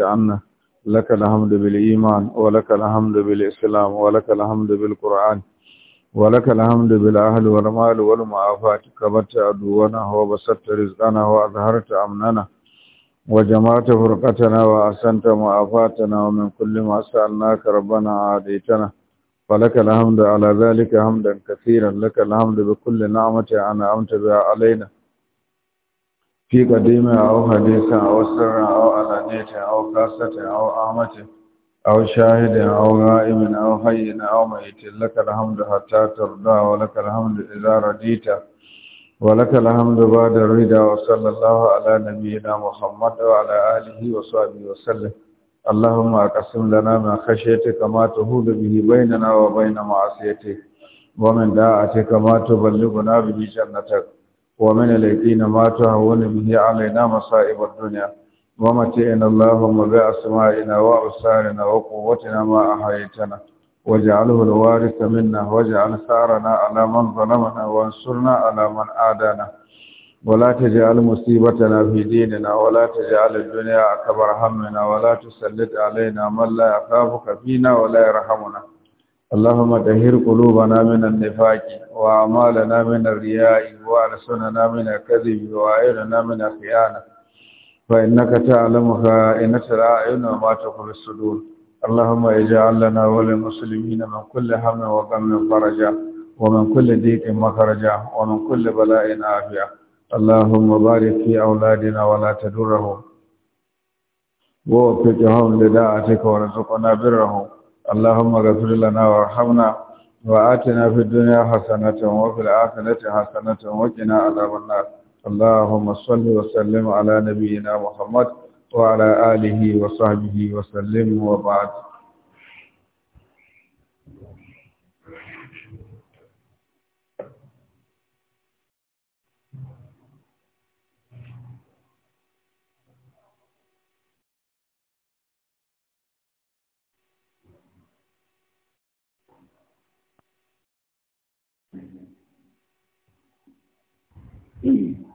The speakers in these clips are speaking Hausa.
أنعمت عنا لك الحمد بالإيمان ولك الحمد بالإسلام ولك الحمد بالقرآن ولك الحمد بالأهل والمال والمعافات كبرت عدونا وبسطت رزقنا وأظهرت أمننا وجمعت فرقتنا وأسنت معافاتنا ومن كل ما سألناك ربنا عاديتنا فلك الحمد على ذلك حمدا كثيرا لك الحمد بكل نعمة أنعمت بها علينا في قديمة أو حديثة أو سرة أو ta hau kasa ta hau amata hau shahidin hau ra'imin hau hayyana hau mai tilaka alhamdu hatta tarda wa laka alhamdu iza radita wa laka alhamdu ba da rida wa sallallahu ala nabi na muhammad wa ala alihi wa sahbihi wa sallam اللهم اقسم لنا من خشيتك ما تهون به بيننا وبين معصيتك ومن داعتك ما تبلغنا به جنتك ومن اليقين ما تهون به علينا مصائب الدنيا ومتئنا اللهم بأسمائنا وأبصارنا وقوتنا ما أحييتنا واجعله الوارث منا واجعل ثارنا على من ظلمنا وانصرنا على من عادانا ولا تجعل مصيبتنا في ديننا ولا تجعل الدنيا أكبر همنا ولا تسلط علينا من لا يخافك فينا ولا يرحمنا اللهم طهر قلوبنا من النفاق وأعمالنا من الرياء وألسننا من الكذب وأعيننا من الخيانة فإنك تعلم خائنة الأعين وما تخفي الصدور اللهم اجعل لنا وللمسلمين من كل هم وغم فرجا ومن كل ضيق مخرجا ومن كل بلاء عافية اللهم بارك في أولادنا ولا تدرهم ووفقهم لداعتك ورزقنا برهم اللهم اغفر لنا وارحمنا وآتنا في الدنيا حسنة وفي الآخرة حسنة وقنا عذاب النار اللهم صل وسلم على نبينا محمد وعلى آله وصحبه وسلم وبعد Mm-hmm.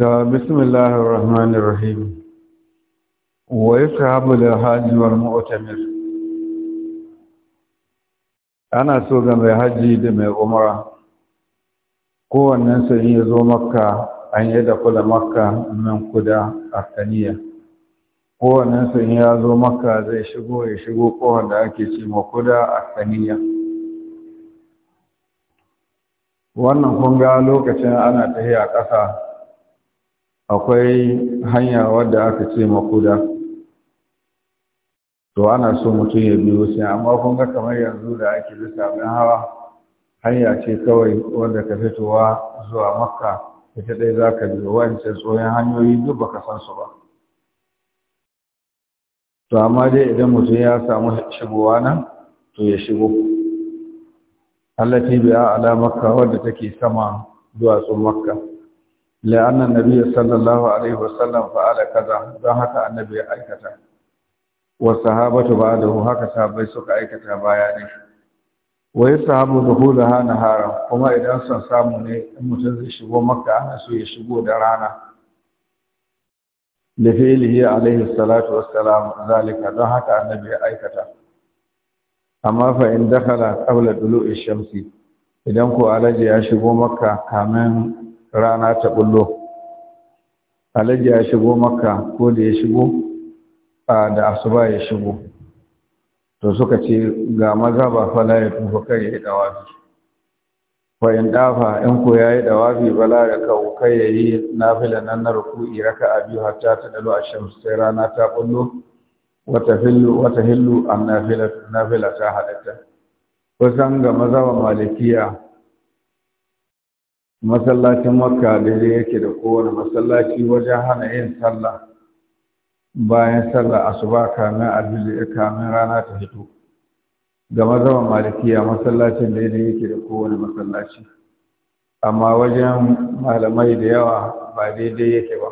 ta bismillahir rahmanir rahim wa yasahabu lil hajji wal mu'tamir ana so ga mai haji da mai umra kowannen sai ya zo makka an yi da kula makka min kuda arkaniya kowannen sai ya zo makka zai shigo ya shigo kohon da ake ce ma kuda arkaniya wannan kun ga lokacin ana tafiya ƙasa akwai hanya wadda aka ce makuda to ana so mutum ya biyo sai amma kun ga kamar yanzu da ake bi abin hawa hanya ce kawai wadda ka fitowa zuwa makka ita ɗaya za ka biyo wancan tsohon hanyoyi duk baka san su ba to amma dai idan mutum ya samu shigowa nan to ya shigo allati biya ala makka wadda take sama duwatsun makka la'anna nabiyyi sallallahu alaihi wasallam fa'ala kaza don haka annabi ya aikata wa sahabatu ba'dahu haka sahabbai suka aikata baya ne wa yasahabu dukhulaha nahara kuma idan sun samu ne in mutum zai shigo makka ana so ya shigo da rana da fi'ilihi alaihi salatu wassalam zalika don haka annabi ya aikata amma fa in dakhala qabla dulu'i shamsi idan ko alaji ya shigo makka kamin rana ta bullo alhaji ya shigo makka ko da ya shigo da asuba ya shigo to suka ce ga maza ba fala ya tufa kai ya yi fa in dafa in ko ya yi fi bala ya kawo kai ya yi nafila nan na ruku'i raka a biyu hatta ta tadalu a shamsu sai rana ta bullo wata hillu wata hillu an nafila ta halatta kusan ga maza wa malikiya masallacin makka daidai yake da kowane masallaci wajen hana yin sallah bayan sallah asuba kamin ya kamin rana ta fito ga mazaban malikiya masallacin daidai yake da kowane masallaci amma wajen malamai da yawa ba daidai yake ba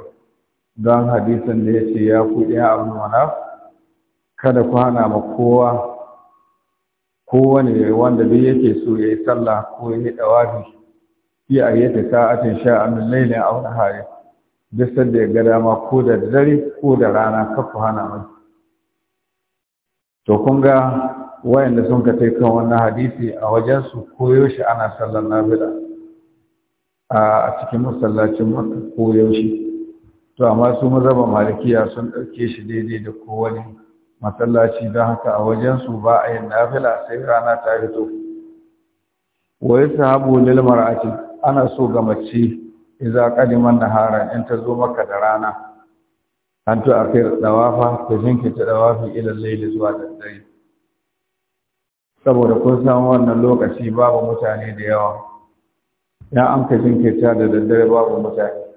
don hadisin da ya ce ya kuɗi abu mana kada ku hana ma kowa kowane wanda duk yake so ya yi sallah ko ya yi ɗawafi fi ayyata sa'atin sha'a min a wani haya, duk sanda ya ga dama ko da dare ko da rana kafa hana mai to kun ga wayanda sun ka kai kan wannan hadisi a wajen su koyo shi ana sallar nafila a cikin masallacin maka koyo shi to amma su mazhaba malikiya sun ɗauke shi daidai da kowane masallaci don haka a wajen su ba a yin nafila sai rana ta fito wa sahabu lilmar mar'ati ana so ga mace iza kadiman nahara in ta zo maka da rana an to akai dawafa ta ta dawafi ila layli zuwa daddare saboda kun san wannan lokaci babu mutane da yawa ya an ka ta da daddare babu mutane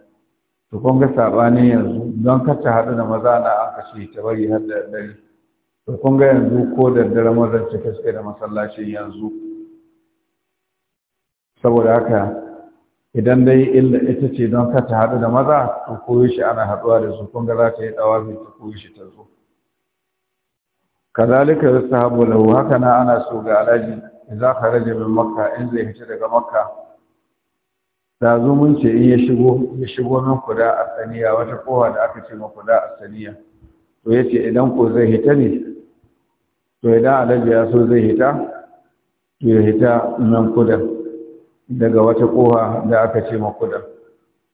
to kun ga sabani yanzu don kacce hadu da maza na an kashe ta bari har da daddare to kun ga yanzu ko daddare mazan cike kaske da masallacin yanzu saboda haka idan dai illa ita ce don ka ta haɗu da maza to koyo shi ana haɗuwa da su kun za ta yi ɗawafi ta koyo shi ta zo kazalika yastahabu lahu haka na ana so ga alaji ka rage min makka in zai fita daga makka da zo mun ce in ya shigo ya shigo min kuda saniya, wata kowa da aka ce ma kuda saniya to ce idan ko zai hita ne to idan alaji ya so zai hita to ya hita nan kudan daga wata ƙoha, da aka ce makuda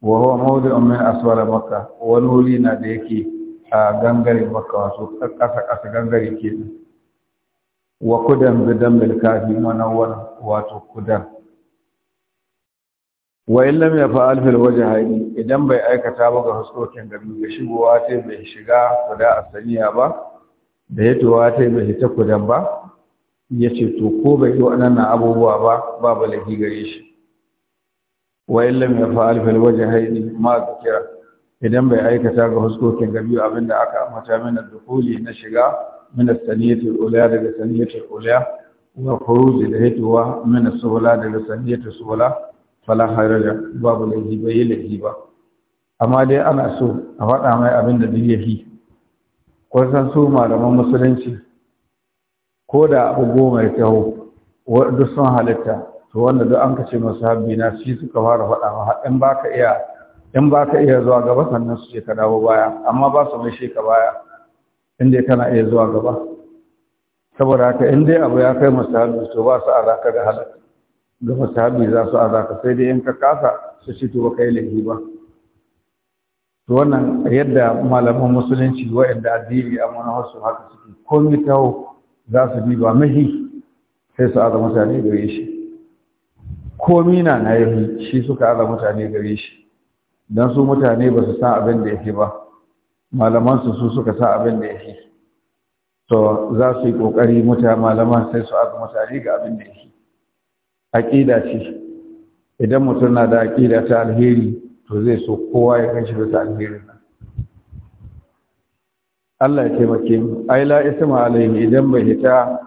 wa huwa mawdu'un min aswara makka wani wuri na da yake a gangare makka wato kasa kasa gangare kenan wa kudan bidan bil kafi manawwar wato kudan wa in lam yafa'al fil wajhayn idan bai aikata ba ga huskokin gari ga shigowa ta bai shiga kuda asaniya ba da ya towa ta bai hita kudan ba yace to ko bai yi waɗannan abubuwa ba babu laifi gare shi wa illam yafa'al fil wajhayn ma dhikra idan bai aikata ga huskokin gabi abinda aka amata mana dukuli na shiga min as-saniyati al-ula daga saniyati al-ula wa khuruj da hituwa min as-sula daga saniyati as fala haraja babu laifi bai laifi ba amma dai ana so a faɗa mai abinda da duk ko san su malaman musulunci ko da abu goma ya tawo duk sun halitta to wanda duk an kace masa habbi na shi suka fara faɗawa, ma in ka iya in ka iya zuwa gaba sannan su ce ka dawo baya amma ba su mai sheka baya in dai kana iya zuwa gaba saboda haka in dai abu ya kai habbi, to ba su azaka da halal ga musahabi za su azaka sai dai in ka kasa su ci to baka yi laifi ba to wannan yadda malaman musulunci waɗanda addini a wasu haka suke komai tawo za su bi ba mahi sai su azama mutane da shi komi na na yi shi suka ala mutane gare shi don su mutane ba su san abin da yake ba malamansu su suka san abin da yake to za su yi ƙoƙari mutane malaman sai su aka mutane ga abin da yake aƙida ce idan mutum na da aƙida ta alheri to zai so kowa ya kan shi ta alheri nan Allah ya taimake mu ai la isma alaihi idan bai hita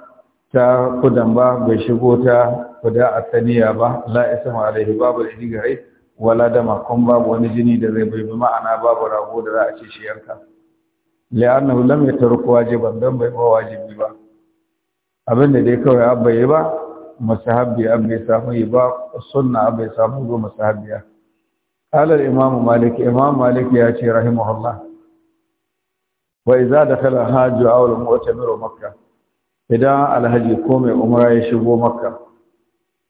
ta kudan ba bai shigo ta kuda a saniya ba la isma alaihi babu da gare wala dama kun babu wani jini da zai bai ma'ana babu rago da za a ce shi yanka li'annahu lam waje, ban dan bai ba biyu ba Abinda da dai kawai abba yi ba musahabbi abba ya samu yi ba sunna abba ya samu go musahabbiya qala al-imam malik imam malik ya ce rahimahullah wa idza dakhala hajju aw al-mu'tamiru makkah idan alhaji ko mai umra ya shigo makka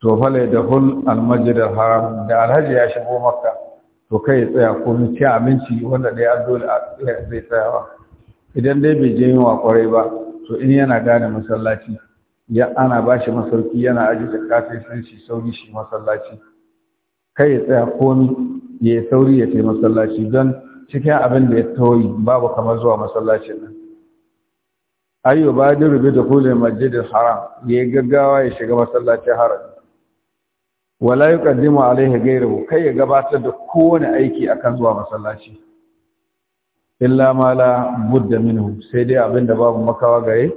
to fale da hul almajidar haram da alhaji ya shigo makka to kai ya tsaya komi ci abinci wanda dai ya dole zai tsayawa idan dai bai je yunwa kwarai ba to in yana gane masallaci ya ana ba shi masauki yana aji da kafin sun shi sauri shi masallaci kai ya tsaya komi ya sauri ya kai masallaci don cikin abin da ya tauri babu kamar zuwa masallacin nan ayyo ba da rubuta kulin masjidil haram ya gaggawa ya shiga masallacin haram wala a alaihi ghayruhu kai ya gabatar da kowane aiki a kan zuwa masallaci illa ma la budda minhu sai dai abinda babu makawa gare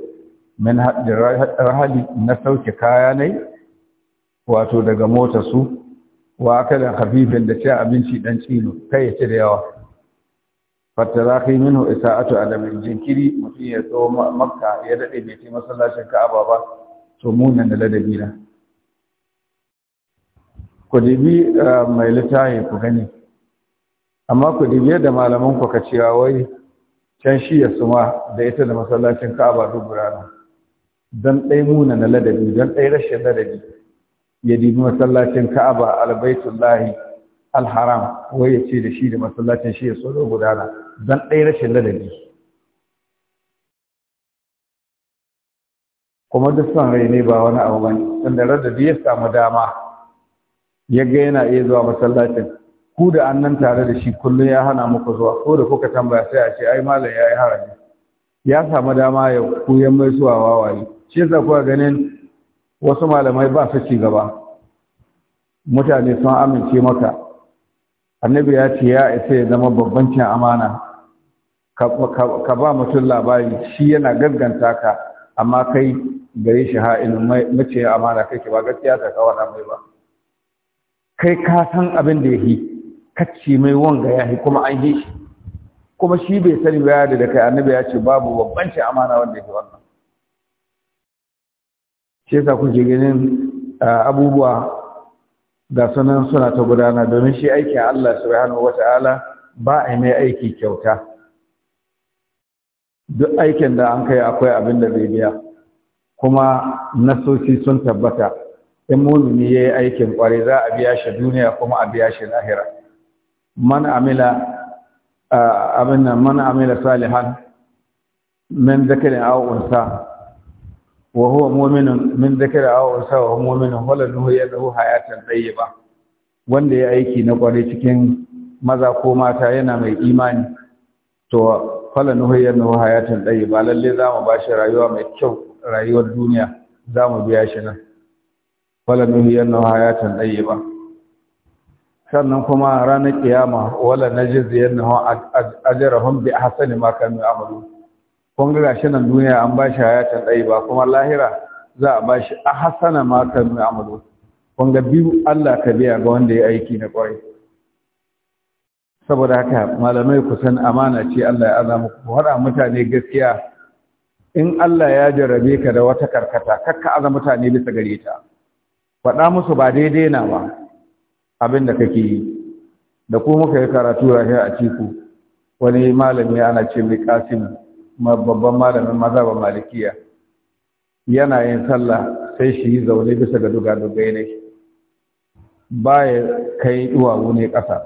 min haɗin rahali na sauke kaya yi wato daga mota su wa da habibin da ce abinci dan cino kai ya ci da yawa za ka fataraki minhu a adamin jinkiri mutum ya tsawo makka ya dade mai ce masallacin ka'aba ba to munan da ladabi na ku dibi eh, mai littafi ku gani amma ku dibi yadda malaman ku ka cewa wai can shi ya suma da ita da masallacin Ka'aba duk burana dan dai muna na ladabi dan dai rashin ladabi ya dibi masallacin Ka'aba albaitullahi alharam wai ya ce da shi da masallacin shi ya tsoro gudana dan dai rashin ladabi kuma duk son rai ne ba wani abu bane tunda ladabi ya samu dama ya ga yana iya zuwa masallacin ku da annan tare da shi kullum ya hana muku zuwa ko da kuka tambaya sai a ce ai malam ya yi haraji ya samu dama ya koyan mai zuwa wawaye shi yasa kuka ganin wasu malamai ba su ci gaba mutane sun amince maka annabi ya ce ya isa ya zama babban cin amana ka ba mutum labari shi yana ganganta ka amma kai gare shi ha'in mace amana kake ba gaskiya ta kawada mai ba kai ka san abin da ya yi kacce mai wanga ya yi kuma an yi shi kuma shi bai sani ba da da kai annabi ya ce babu babban shi amana wanda ya wannan shi yasa kuke ganin abubuwa da sunan suna ta gudana domin shi aiki a Allah subhanahu wata'ala ba a mai aiki kyauta duk aikin da an kai akwai abin da zai biya kuma nasoci sun tabbata in mumini yi aikin kwarai za a biya shi duniya kuma a biya shi lahira man amila man amila salihan min zakarin aw wa huwa mu'minun min zakarin aw unsa wa huwa mu'minun faladuhu yadahu hayatan tayyiba wanda ya aiki na kware cikin maza ko mata yana mai imani to nuhu yadahu hayatan tayyiba lalle za mu bashi rayuwa mai kyau rayuwar duniya za mu biya shi nan wala yana hayatan ba. sannan kuma ranar ƙiyama, wala na najziyannahu ajrahum bi ahsani ma kanu ya'malu kun ga shi nan duniya an ba shi hayatan ba kuma lahira za a ba shi ahsana ma kanu ya'malu kun ga biyu Allah ka biya ga wanda ya aiki na kwarai saboda haka malamai kusan amana ce Allah ya azama ku haɗa mutane gaskiya in Allah ya jarabe ka da wata karkata kakka aza mutane bisa gare ta faɗa musu ba daidai na ba abin da kake yi da kuma muka yi karatu a a ciku wani malami ana ce mai kasim babban malamin mazhaban malikiya yana yin sallah sai shi yi zaune bisa ga dugadugai ne ya kai duwawu ne ƙasa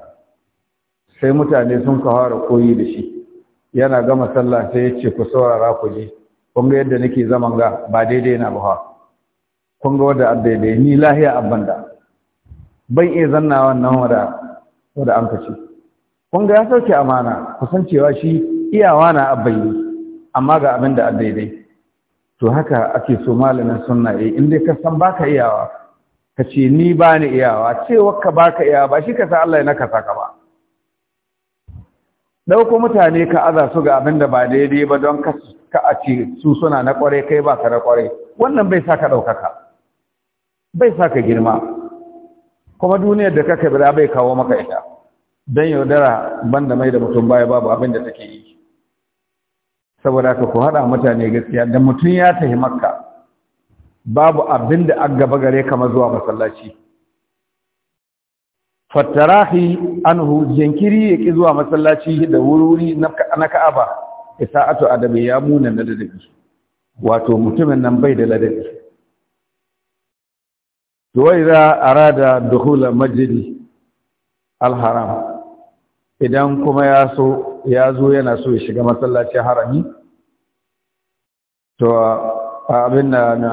sai mutane sun kawara koyi da shi yana gama sallah sai ya ce ku saurara ku je kun ga yadda nake zaman ga ba daidai na ba kun ga wadda daidai ni lahiya abban da ban iya zanna wannan wadda wadda an kace kun ga ya sauke amana kusancewa shi iyawa na abbayi amma ga abin da daidai to haka ake so malamin sunna eh in dai ka san baka iyawa ka ce ni ba ni iyawa cewa ka baka iyawa ba shi ka sa Allah ya naka saka ba ɗauko mutane ka aza su ga abin da ba daidai ba don ka a ce su suna na ƙwarai, kai ba ka na ƙwarai. wannan bai sa ka ɗaukaka bai sa ka girma kuma duniyar da kaka bira bai kawo maka ita don yaudara banda mai da mutum baya babu abin da take yi saboda ka ku haɗa mutane gaskiya da mutum ya tahi makka babu abin da an gaba gare kama zuwa masallaci fattarahi hu jinkiri ya ƙi zuwa masallaci da wuri na ka'aba isa'atu adabi ya muna na ladabi wato mutumin nan bai da ladabi وإذا da duhula مسجد alharam idan kuma ya so ya zo yana so ya shiga masallacin harami to abin da na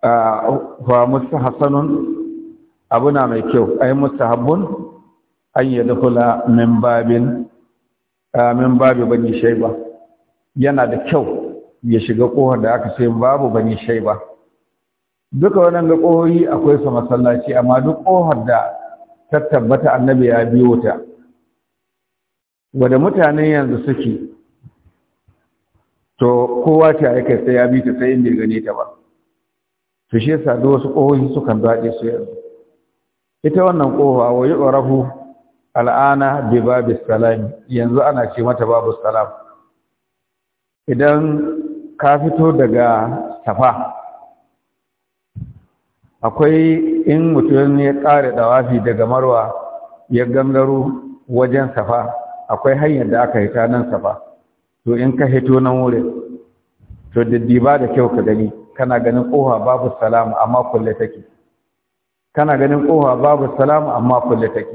fa abu abuna mai kyau ai mustahabbun an ya dukula min babin min babu bani shaiba yana da kyau ya shiga kohar da aka sayi babu bani shaiba duka waɗanda ƙohori akwai su masallaci amma duk ƙohar da ta tabbata annabi ya biyo ta wadda mutane yanzu suke to kowa ta aika sai ya bi ta sai inda gane ta ba to shi yasa da wasu su sukan daɗe su yanzu ita wannan ƙofa wa yi ƙorafu al'ana bi babu Salam yanzu ana ce mata babu salam idan ka fito daga safa akwai in mutum ya ƙare dawafi daga marwa ya gangaro wajen safa akwai hanyar da aka hita nan safa to in ka hito nan wurin to diddiba da kyau ka gani kana ganin koha babu salamu amma kulle take kana ganin koha babu salamu amma kulle take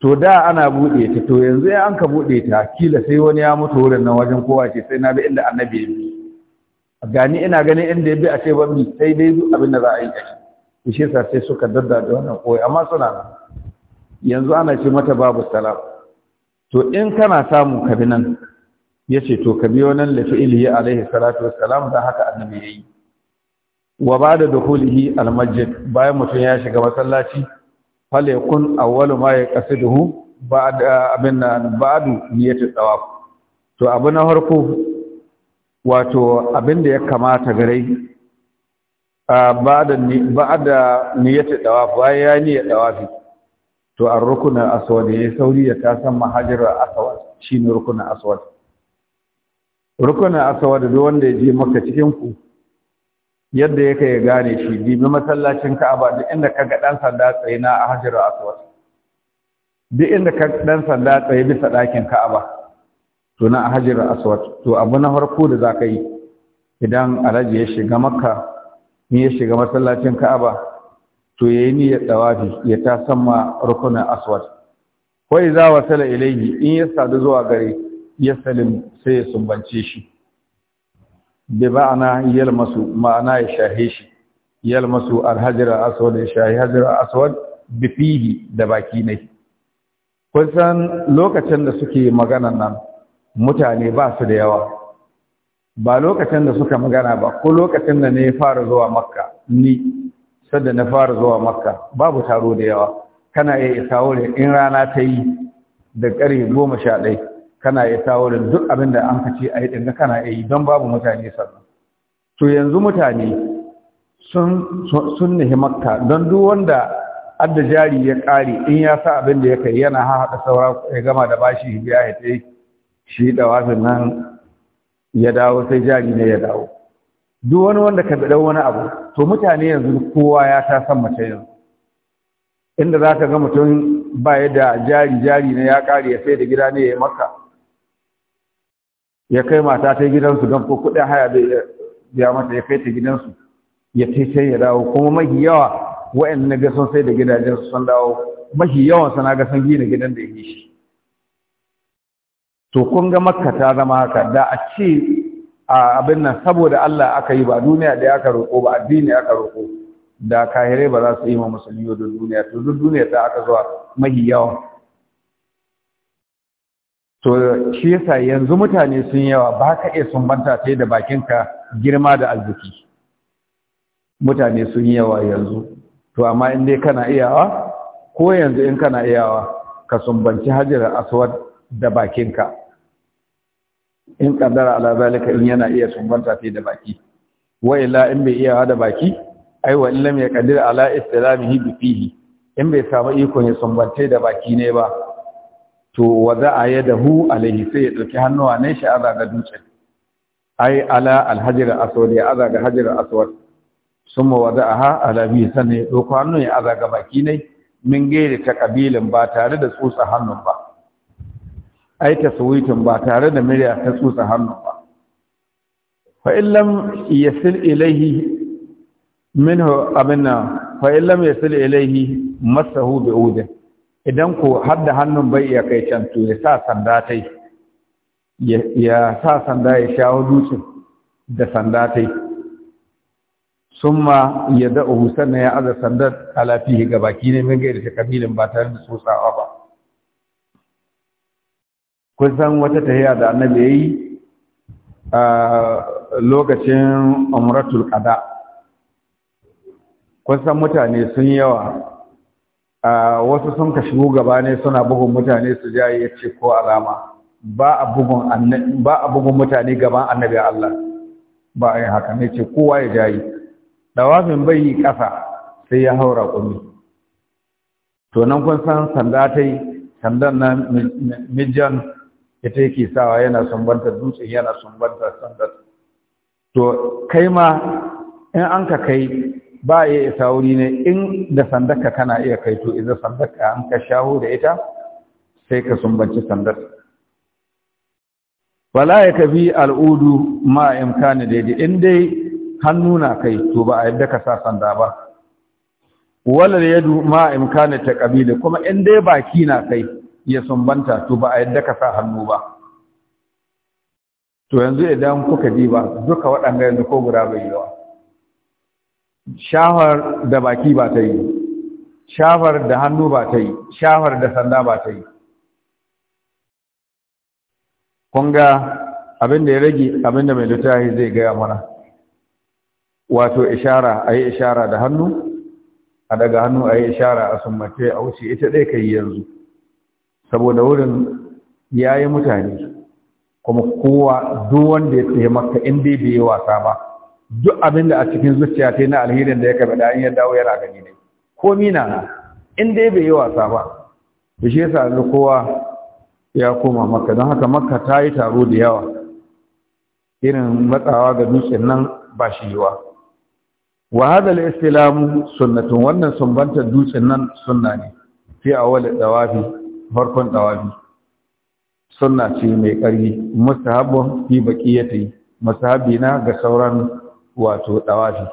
to da ana buɗe ta to yanzu ya an ka buɗe ta kila sai wani ya mutu wurin nan wajen kowa ce sai na bi inda annabi ya bi gani ina ganin inda ya bi a ce ba mi sai dai abin da za a yi kashi to shi sa sai suka dadda da wannan koyi amma suna yanzu ana ce mata babu salam to in kana samu kabi nan yace to kabi wannan lafi'ili alaihi salatu salam da haka annabi yayi wa da dukhulihi almajid bayan mutum ya shiga masallaci fal yakun awwalu ma yaqsiduhu ba'da abin ba'du niyyatu tawaf to abu na farko wato abin da ya kamata gare ba da niyyata dawafi bayan ya niyya dawafi to a rukuna aswad ya sauri ya tasan mahajirar aswad shi ne rukuna aswad Rukuna aswad da wanda ya je maka cikin ku yadda ya kai gane shi bibi masallacin ka'aba duk inda ka ga dan sanda tsaye na a hajirar aswad duk inda ka dan sanda tsaye bisa ɗakin ka'aba to na hajar aswad to abu na farko da za ka yi idan alhaji ya shiga makka in ya shiga masallacin ka'aba to ya niyyar dawafi ya ta sama rukunin aswad wa sala ilaihi in ya sadu zuwa gare ya salim sai ya sumbance shi bi ma'ana masu ma'ana ya shahe shi masu alhajar aswad ya shahe hajar aswad bi da baki ne kun san lokacin da suke maganan nan mutane ba su da yawa ba lokacin da suka magana ba ko lokacin da ne fara zuwa makka ni sadda na fara zuwa makka babu taro da yawa kana iya isa wurin in rana ta yi da kare goma sha ɗai kana iya isa wurin duk abin da an kace a yi ɗin kana yi don babu mutane sannan to yanzu mutane sun sun nihi makka don duk wanda adda jari ya ƙare in ya sa abin da ya kai yana haɗa saura ya gama da bashi biya ta yi shi wasan nan ya dawo sai jari ne ya dawo duk wani wanda ka bi wani abu to mutane yanzu kowa ya ta san mace yanzu inda za ka ga mutum ba da jari jari ne ya kare ya sai da gida ne ya yi maka ya kai mata ta gidansu don ko kuɗin haya da ya mata ya kai ta gidansu ya ce sai ya dawo kuma mahi yawa wa'in na ga sun sai da gidajensu sun dawo mahi yawan sana ga sun gina gidan da ya yi shi to kun ga makka ta zama haka da a ce a abin nan saboda Allah aka yi ba duniya da aka roƙo ba addini aka roƙo da kahirai ba za su yi ma musulmi da duniya to duk duniya ta aka zuwa mahi yawa to shi yasa yanzu mutane sun yawa ba ka iya sumbanta sai da bakinka girma da arziki mutane sun yawa yanzu to amma in dai kana iyawa ko yanzu in kana iyawa ka sumbanci hajjar aswad da bakinka in kaddara ala zalika in yana iya sumbanta ta da baki wa illa in bai iya da baki ai wa illam ya kaddara ala istilamihi bi fihi in bai samu iko ne sumbante da baki ne ba to wa za a hu alaihi sai ya dauki hannuwa ne shi aza ga dutsen ai ala alhajar aswad ya aza ga hajar aswad summa wada'aha ala bi sanne dauko hannu ya aza ga baki ne min gaire ta kabilin ba tare da tsotsa hannun ba ai taswitin ba tare da murya ta tsutsa hannu ba fa illam yasil ilaihi minhu abinna fa illam yasil ilaihi masahu bi uda idan ko hadda hannun bai iya kai can to ya sa sanda tai ya sa sanda ya shawo dutsen da sanda tai summa ya da'uhu sannan ya aza sandar ala gabaki ga baki ne min gairi ta kabilin ba tare da tsotsawa ba kun san wata tahiya da annabi yayi a lokacin umratul qada kun san mutane sun yawa a wasu sun ka shigo gaba ne suna bugun mutane su ja ya ce ko alama ba a bugun annabi ba a bugun mutane gaban annabi Allah ba a yi haka ne ce kowa ya Da dawafin bai yi ƙasa sai ya haura kuma to nan kun san sanda ta yi sandan na mijan ita yake sawa yana sumbanta dutsen yana sumbanta sandar to kai ma in an ka kai ba ya isa wuri ne in da sandarka kana iya kai to idan sandarka an ka shaho da ita sai ka sumbanci sandar wala ya kabi al'udu ma imkani daidai in dai hannu na kai to ba a yadda ka sa sanda ba wala yadu ma imkani ta kabila kuma in dai baki na kai ya sumbanta to ba a yadda ka sa hannu ba to yanzu idan kuka ji ba, duka waɗanda yanzu ko guda bai yawa shafar da baki ba ta yi shafar da hannu ba ta yi shafar da sanda ba ta yi kun ga abin da ya rage abin da mai littafi zai gaya mana wato ishara a yi ishara da hannu a daga hannu a yi ishara a sumbace a wuce ita ɗai ka yi yanzu saboda wurin ya yi mutane kuma kowa duwan da ya tsaye maka in dai bai yi wasa ba duk abin da a cikin zuciya ta na alherin da ya kafa da ya dawo yana gani ne ko mina na in dai bai yi wasa ba da shi yasa kowa ya koma maka don haka maka ta yi taro da yawa irin matsawa ga dutsen nan ba shi yiwa wa hada al-istilamu sunnatun wannan sumbantar dutsen nan sunna ne fi awal dawafi farkon Ɗawafi, suna ce mai ƙari. musta mustahabbun fi ya baqiyati mustahabi na ga sauran wato Ɗawafi.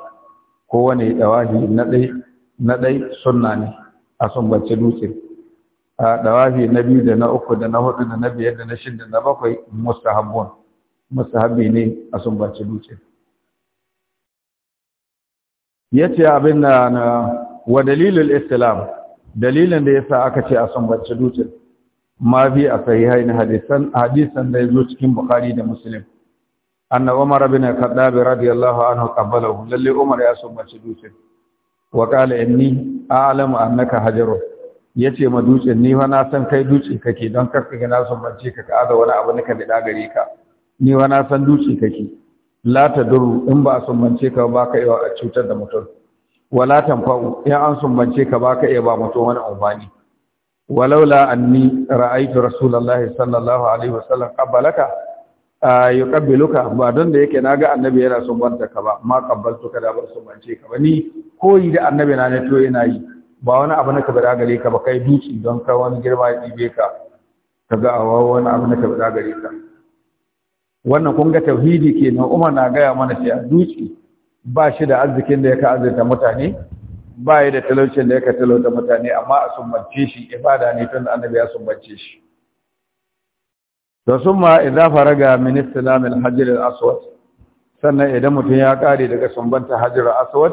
kowane Ɗawafi na dai na ne a sumbance dutse a Ɗawafi na biyu da na uku da na hudu da na biyar da na shida da na bakwai mustahabbun mustahabi ne a sumbance dutse Ya ce abin na wa dalilul islam dalilin da ya sa aka ce a sumbace dutsen ma bi a sahihain hadisan hadisan da zo cikin bukhari da muslim anna umar bin khattab radiyallahu anhu qabalahu lalle umar ya sumbace dutsen wa qala inni a'lamu annaka hajaru yace ma dutsen ni fa na san kai dutse kake don karka ga na sumbance ka ka aza wani abu nika da gare ka ni fa na san dutse kake la ta duru in ba sumbance ka ba ka yi wa cutar da mutum wala tanfa'u in an sumbance ka baka iya ba mutum wani amfani walaula anni ra'aytu rasulullahi sallallahu alaihi wasallam qabbalaka yuqabbiluka ba don da yake naga annabi yana sumbanta ka ba ma ka da ba sumbance ka ba ni koyi da annabi na ne to yana yi ba wani abu na ka bada gare ka ba kai duci don ka wani girma ya ɗibe ka ka ga awa wani abu na ka bada gare ka wannan kun ga tauhidi kenan Umar na gaya mana cewa duci ba shi da arzikin da ya ka azurta mutane ba ya da talaucin da ya ka talauta mutane amma a sumbance shi ibada ne tun annabi ya sumbance shi to in za faraga min Minista al Hajji aswad sannan idan mutum ya kare daga sumbanta Hajji al-aswad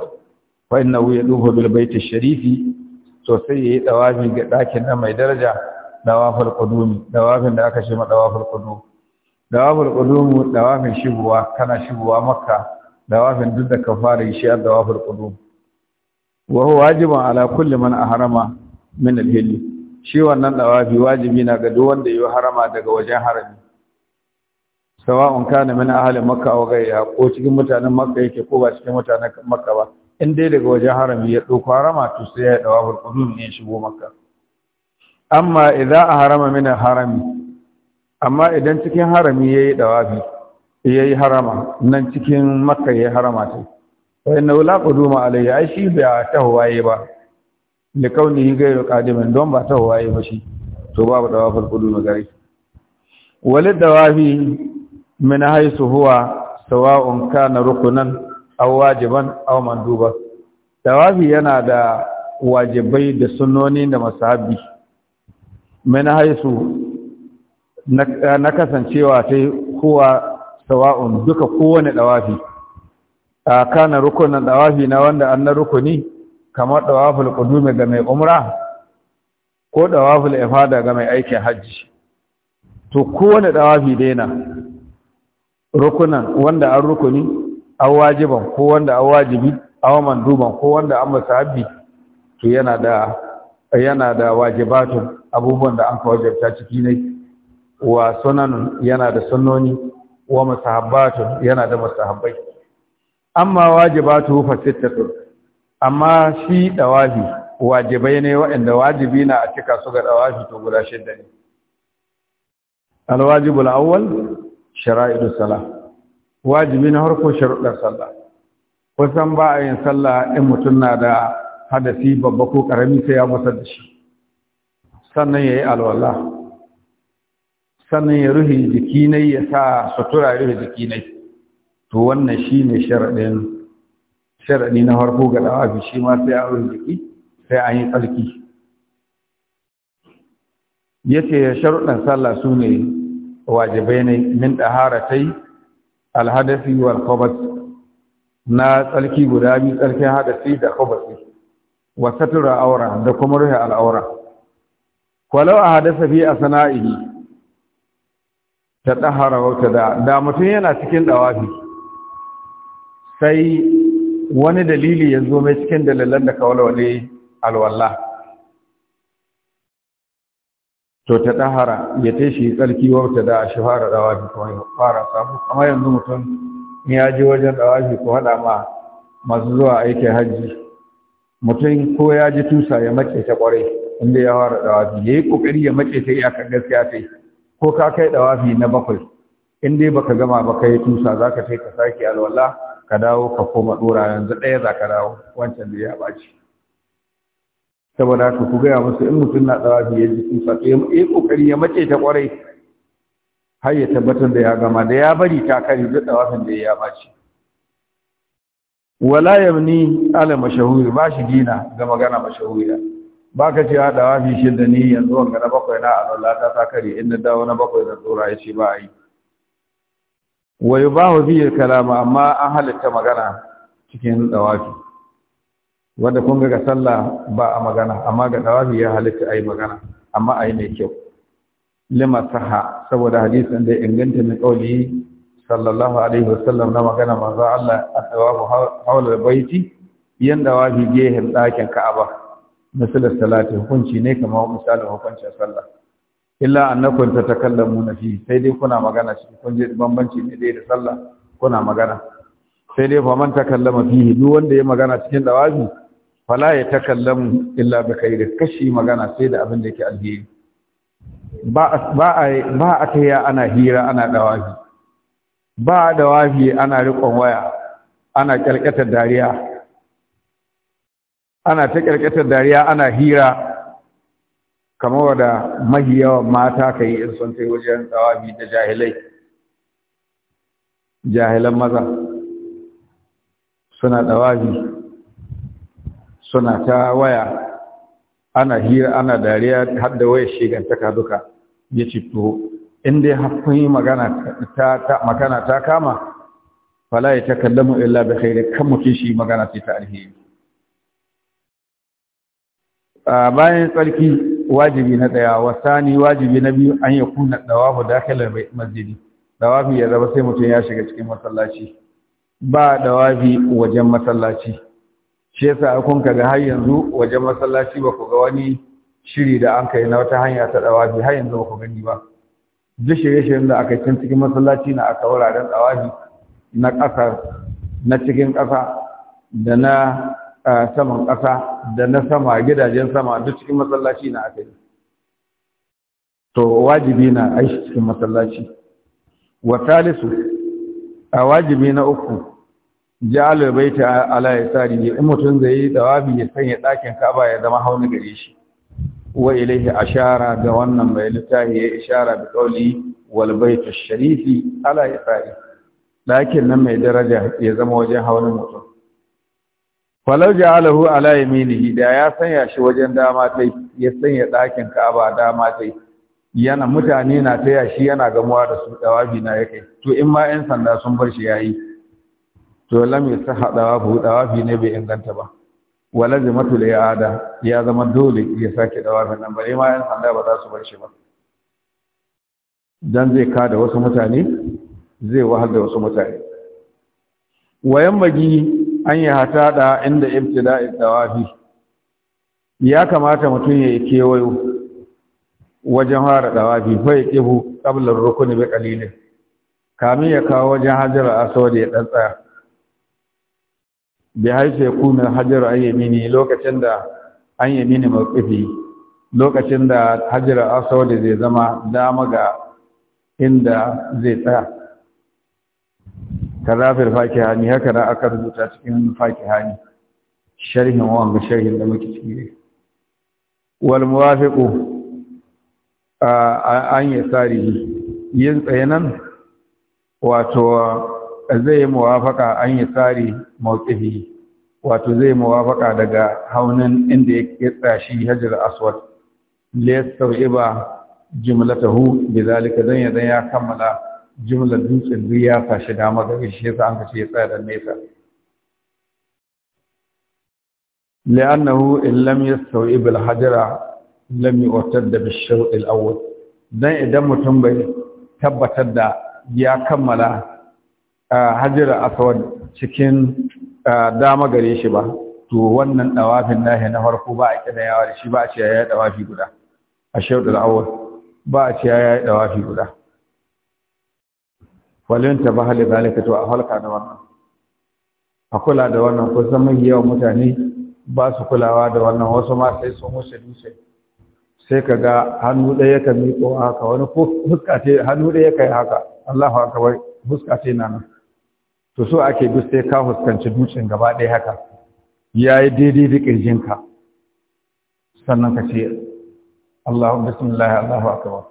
fa wuya yaduhu bil ta sharifi Sosai ya yi dawafi ga ɗakin na mai daraja dawaful Kudumi, dawafin da aka shi ma dawaful qudum dawaful qudum dawafin kana shigowa makka dawafin duk da ka fara shi a dawafin kudu wa huwa wajibun ala kulli man ahrama min al-hilli shi wannan dawafi wajibi na ga duk wanda yayi harama daga wajen harami sawa'un kana min ahli makka aw ghayriha ko cikin mutanen makka yake ko ba cikin mutanen makka ba in dai daga wajen harami ya dauko harama to sai ya dawafin kudu ne ya shigo makka amma idza ahrama min al-harami amma idan cikin harami yayi dawafi ya yi harama nan cikin makka ya yi harama ta wai na wula duma alayya ai shi ba ta huwaye ba da kauni gairu ƙadimin don ba ta huwaye ba shi to babu da dawafin ƙuduma gari walid wafi min haisu huwa sawa'un kana rukunan aw wajiban aw manduba wafi yana da wajibai da sunnoni da masahabi min haisu na kasancewa ta huwa sawa'un duka kowane dawafi a kana rukunin dawafi na wanda an na rukuni kamar dawaful qudumi ga mai umra ko dawaful ifada ga mai aikin hajji to kowane dawafi daina rukunan wanda an rukuni an wajiban ko wanda an wajibi an manduban ko wanda an musabbi to yana da yana da wajibatun abubuwan da an jabta ciki ne wa sunan yana da sunnoni wa mustahabbatun yana da mustahabbai amma wajibatu fa sittatun amma shi dawafi wajibai ne waɗanda wajibi na a cika su ga dawafi to guda shidda ne alwajibul awwal shara'idu salah wajibi na harko sharuɗar sallah kusan ba a yin sallah in mutum na da hadasi babba ko karami sai ya musa da shi sannan yayi alwala sannan ya ruhi jiki ne ya sa sutura ruhi jiki ne to wannan shi ne sharaɗin sharaɗi na harko ga ɗawafi shi ma sai a ruhi jiki sai an yi tsarki ya ce sharuɗin sallah su ne wajibai ne min ɗaharatai alhadafi wal kwabat na tsarki guda biyu tsarkin Hadafi da kwabasi wa satura aura da kuma ruhi al'aura walau a hadasa bi a sana'ihi ta ɗahara wata da da mutum yana cikin ɗawafi sai wani dalili ya zo mai cikin dalilan da kawalwale alwalla to ta ɗahara ya ta shi tsarki wata da shi fara ɗawafi ko ya fara samu kamar yanzu mutum ya je wajen ɗawafi ko haɗa ma masu zuwa aikin hajji mutum ko ya ji tusa ya mace ta ƙwarai inda ya fara ɗawafi ya yi ƙoƙari ya mace ta iyakar gaskiya ta yi ko ka kai dawafi na bakwai in dai baka gama ba kai tusa zaka sai ka saki alwala ka dawo ka koma dora yanzu ɗaya za ka dawo wancan da ya baci saboda ka ku gaya musu in mutum na dawafi ya ji tusa to ya kokari ya mace ta kwarai har ya tabbatar da ya gama da ya bari ta kare duk dawafin da ya baci wala yamni ala mashahuri ba shi gina ga magana mashahuri ba ka ce wafi shi da ni yanzu wanga na bakwai na a ta ta kare inda dawo na bakwai da tsora ya ce ba a yi wa yubahu bihi kalama amma an halitta magana cikin dawafi wanda kun ga sallah ba a magana amma ga dawafi ya halitta a yi magana amma ayi mai kyau lima saha saboda hadisin da inganta mai kauli sallallahu alaihi wasallam na magana manzo Allah a dawafu hawla baiti yan dawafi gehen ɗakin Ka'aba masalar salati hukunci ne kamar misalin hukuncin sallah illa annakum tatakallamuna fi sai dai kuna magana shi kun je bambanci ne dai da sallah kuna magana sai dai fa man takallama fihi duk wanda ya magana cikin dawabi fala ya takallamu illa bi khairi kashi magana sai da abin da yake alheri ba ba ba a taya ana hira ana dawabi ba dawabi ana riƙon waya ana kyalkyatar dariya ana ta ƙarƙatar dariya ana hira kamar wadda mahi yawan mata ka yi in sun wajen tsawabi da jahilai jahilan maza suna tsawabi suna ta waya ana hira ana dariya har da waya shigantaka duka ya ce to in dai haifun magana ta kama fala ya ta kallamu illa da khairi kan mutum shi magana ce ta alheri bayan tsarki wajibi na daya wasani wajibi na biyu an ya kuna dawafu dakhilar masjidi dawafi ya zama sai mutum ya shiga cikin masallaci ba dawafi wajen masallaci shi yasa kun kaga har yanzu wajen masallaci ba ku ga wani shiri da an kai na wata hanya ta dawafi har yanzu ba ku gani ba duk shirye-shiryen da aka yi cikin masallaci na aka wuraren dawafi na ƙasa na cikin ƙasa da na saman ƙasa da na sama gidajen sama duk cikin masallaci na aka yi to wajibi na aishi cikin masallaci wa a wajibi na uku ja'al ta ala ne in mutum zai yi dawabi ya sanya ɗakin kaba ya zama hauni gare shi wa ilaihi ashara ga wannan mai littafi ya ishara da ƙauli wal ta sharifi ala tsari ɗakin nan mai daraja ya zama wajen haunin mutum falau alahu ala yaminihi da ya sanya shi wajen dama tai ya sanya ɗakin Ka'aba dama tai yana mutane na taya shi yana gamuwa da su dawabi na yake to in ma 'yan sanda sun bar shi yayi to lam yasaha dawabu dawabi ne bai inganta ba wala matu da ya ada ya zama dole ya sake dawafin nan bare ma yan sanda ba za su bar shi ba dan zai ka da wasu mutane zai wahal da wasu mutane wayan magi an yi da inda ibtida'i tawafi ya kamata mutum ya yi kewayo wajen fara tawafi fa ya kihu qablar rukuni bi qalilin kamin ya kawo wajen hajar aswad ya dan tsaya bi ku yakuna hajar ayyamini lokacin da an yamini mawqifi lokacin da hajar da zai zama dama ga inda zai tsaya karrafil fakiha ni haka na aka rubuta cikin fakiha hani. sharhin wa ga sharhin da muke ciki wal muwafiqu an yasarihi yin tsayanan wato zai muwafaka an yasari mawqifi wato zai muwafaka daga haunin inda ya tsashi hajar aswad li yastawiba jumlatahu bidhalika dan ya dan ya kammala jimlar dutsen duk ya fashi dama gare shi yasa an kace ya tsaya da nesa li'annahu in lam yastawib al-hajara lam yu'tad bi ash awwal dan idan mutum bai tabbatar da ya kammala hajara aswad cikin dama gare shi ba to wannan dawafin nahi na farko ba a kida yawa shi ba a ce ya dawafi guda ash-shaw' awwal ba a ce ya dawafi guda walin ta ba hali zalika to a halka da wannan a kula da wannan ko san mai yawa mutane ba su kulawa da wannan wasu ma sai su musu dutse sai ka ga hannu ɗaya ka miƙo haka wani ko fuska ce hannu ɗaya ka yi haka Allahu akbar fuska ce na nan to so ake bi sai ka fuskanci dutsen gaba ɗaya haka yayi daidai da kirjinka sannan ka ce Allahu bismillah Allahu akbar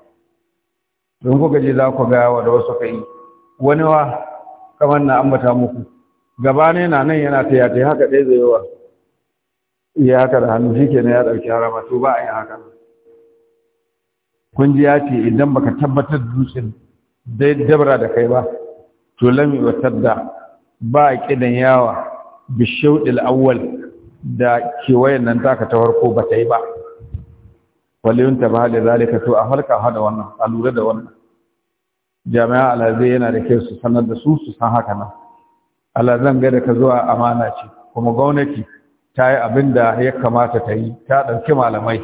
don ku gaji za ku ga wa da wasu kai wani wa kamar na ambata muku gaba ne na nan yana ta yata haka ɗaya zai yawa ya haka da hannu shi na ya ɗauki harama to ba a yi haka kun ji ya ce idan baka tabbatar da dutsen dabra da kai ba to lami watar da ba a kidan yawa bishiyar Auwal da kewayen nan taka ta farko ba ta yi ba waliyun ta ba da zalika to a halka hada wannan a lura da wannan jami'a alhazai yana da kyau su sanar da su su san haka nan alhazan ga da ka zuwa amana ce kuma gwamnati ta yi abin da ya kamata ta yi ta ɗauki malamai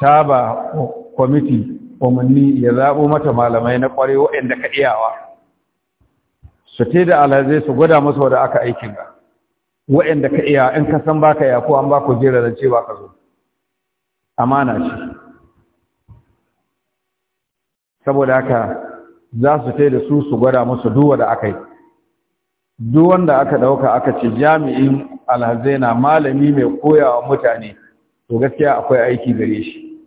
ta ba kwamiti umarni ya zaɓo mata malamai na ƙware waɗanda ka iyawa su te da alhazai su gwada musu wadda aka aikin ga waɗanda ka iya in ka san baka ya ko an ba ku jera da cewa ba ka zo amana ce saboda haka za su tai da su su gwada musu duwa da aka yi duk wanda aka ɗauka aka ce jami'in alhazaina malami mai koyawa mutane to gaskiya akwai aiki gare shi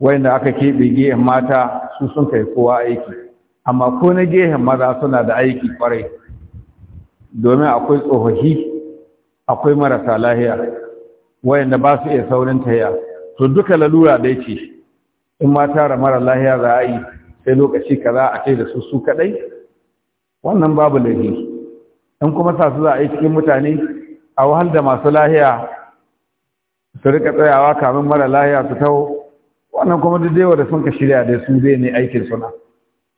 wanda aka keɓe gehen mata su sun kai kowa aiki amma ko na gehen maza suna da aiki kwarai domin akwai tsofaffi akwai marasa lahiya wayanda ba su iya saurin taya to duka lalura dai ce in ma tara mara lahiya za a yi sai lokaci ka za a kai da su su kaɗai. wannan babu laifi in kuma sa su za a yi cikin mutane a wahal da masu lahiya su rika tsayawa kamin mara lahiya su taho wannan kuma duk dai da sun ka shirya dai su zai ne aikin suna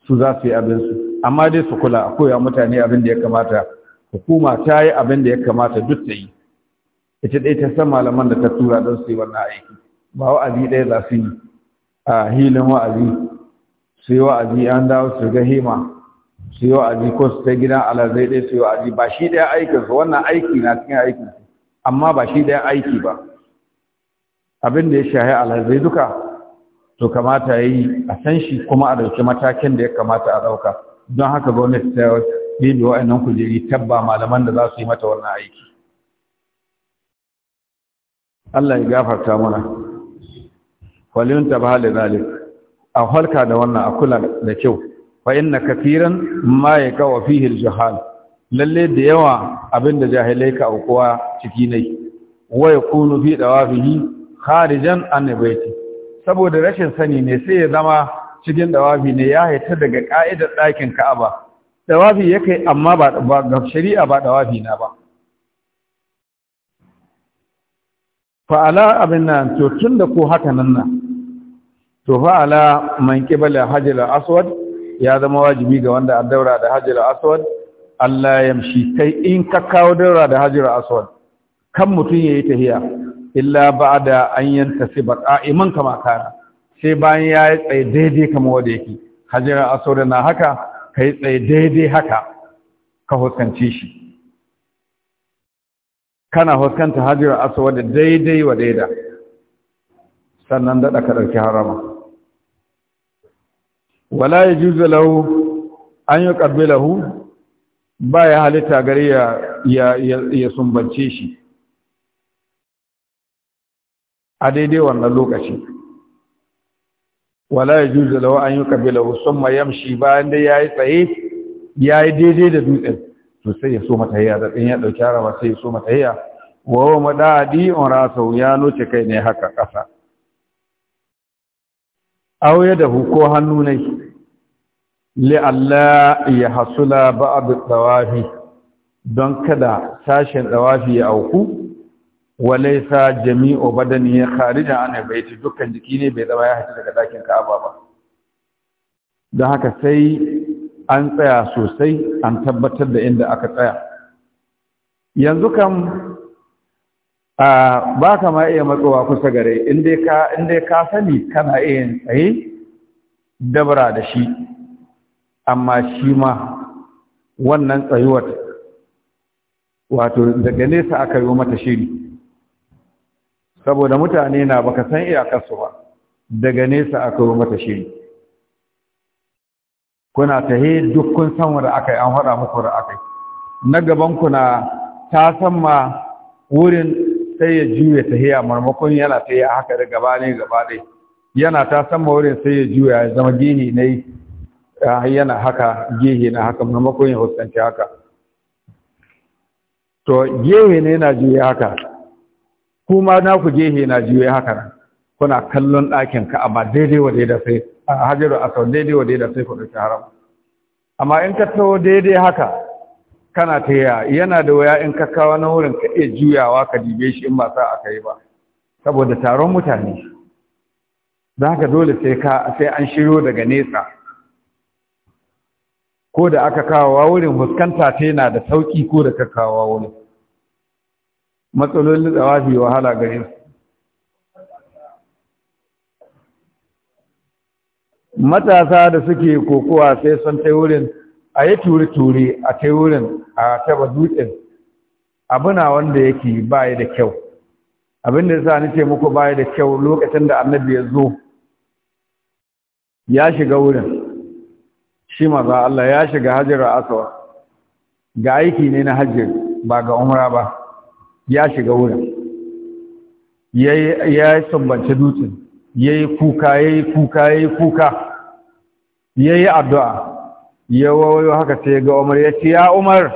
su za su yi abin su amma dai su kula a koya mutane abin da ya kamata hukuma ta yi abin da ya kamata duk ta yi ita dai ta san malaman da ta tura don su yi wannan aiki ba wa'azi ɗaya za su yi a hilin wa'azi su yi wa'azi an dawo su ga hima su yi wa'azi ko su ta gidan alazai ɗaya su yi wa'azi ba shi ɗaya aikinsu wannan aiki na cikin aikinsu amma ba shi ɗaya aiki ba abin da ya shahi alazai duka to kamata ya yi a san shi kuma a ɗauki matakin da ya kamata a ɗauka don haka gwamnati ta yi wa'annan kujeri tabba malaman da za su yi mata wannan aiki Allah ya gafarta mana falin ta ba da zalik a halka da wannan a kula da kyau fa inna kafiran ma ya kawa fihi jahal lalle da yawa abinda jahilai ka aukuwa ciki ne wa yakunu fi dawafihi kharijan an baiti saboda rashin sani ne sai ya zama cikin dawafi ne ya haita daga ka'idar ɗakin Ka'aba dawafi yake amma ba ga shari'a ba dawafi na ba fa'ala abin nan to tunda ko haka nan nan to fa ala man qibala hajjal aswad ya zama wajibi ga wanda an daura da hajjal aswad Allah ya yamshi kai in ka kawo daura da hajjal aswad kan mutun yayi tahiya illa ba'da an yantasiba qa'iman kama kana sai bayan ya yi tsaye daidai kama wanda yake hajjal aswad na haka kai tsaye daidai haka ka hukunci shi kana hukunta hajjal aswad daidai wa daidai sannan daɗa ka ɗauki harama wala ya juzu lahu an yi ƙabbilahu ba ya halitta gare ya sumbance shi a daidai wannan lokaci wala ya juzu lahu an yi ƙabbilahu sun mayam shi bayan da ya yi tsaye ya yi daidai da dutsen to sai ya so matahiyya da ɗin ya ɗauki harawa sai ya so matahiyya wawo maɗaɗi on rasau ya noce kai ne haka ƙasa auye da ko hannu ne li'alla ya hasula ba'd tawafi don kada sashen tawafi ya auku laysa jami'u badani ya kharija an baiti dukkan jiki ne bai zama ya haɗu daga dakin Ka'aba ba don haka sai an tsaya sosai an tabbatar da inda aka tsaya yanzu kam ba ka ma iya matsowa kusa gare inda ka sani kana iya tsaye dabara da shi amma shi ma wannan tsayuwar wato daga nesa aka yi mata shiri saboda mutane na baka san iyakarsu ba daga nesa aka yi mata shiri kuna tahe duk kun san wanda aka yi an haɗa muku da aka yi na ku na ta san ma wurin sai ya juya a marmakon yana ta yi a haka da gaba ne yana ta san ma wurin sai ya juya ya zama gini ne yana haka gehe na haka maimakon ya huskanci haka to gehe ne na juye haka kuma na ku gehe na juye haka kuna kallon ɗakin ka amma daidai wa daidai sai a hajjaru a sau daidai wa daidai sai ku ɗauki amma in ka taho daidai haka kana ta yana da waya in kakkawa na wurin ka iya juyawa ka dibe shi in ba sa aka yi ba saboda taron mutane za ka dole sai an shiryo daga nesa ko da aka kawowa wurin fuskanta ta yana da sauƙi ko da ka kawowa wurin matsalolin tsawafi wahala gare su matasa da suke kokowa sai sun ta wurin a yi ture-ture a ta wurin a taba dutsen abuna wanda yake baya da kyau abin da sa nace muku baya da kyau lokacin da annabi ya zo ya shiga wurin shi maza Allah ya shiga hajjar asawa ga aiki ne na hajjar ba ga umra ba ya shiga wurin ya sambance dutsen ya yi kuka ya yi kuka ya yi kuka ya yi addu'a ya wawayo haka sai ga umar ya ce ya umar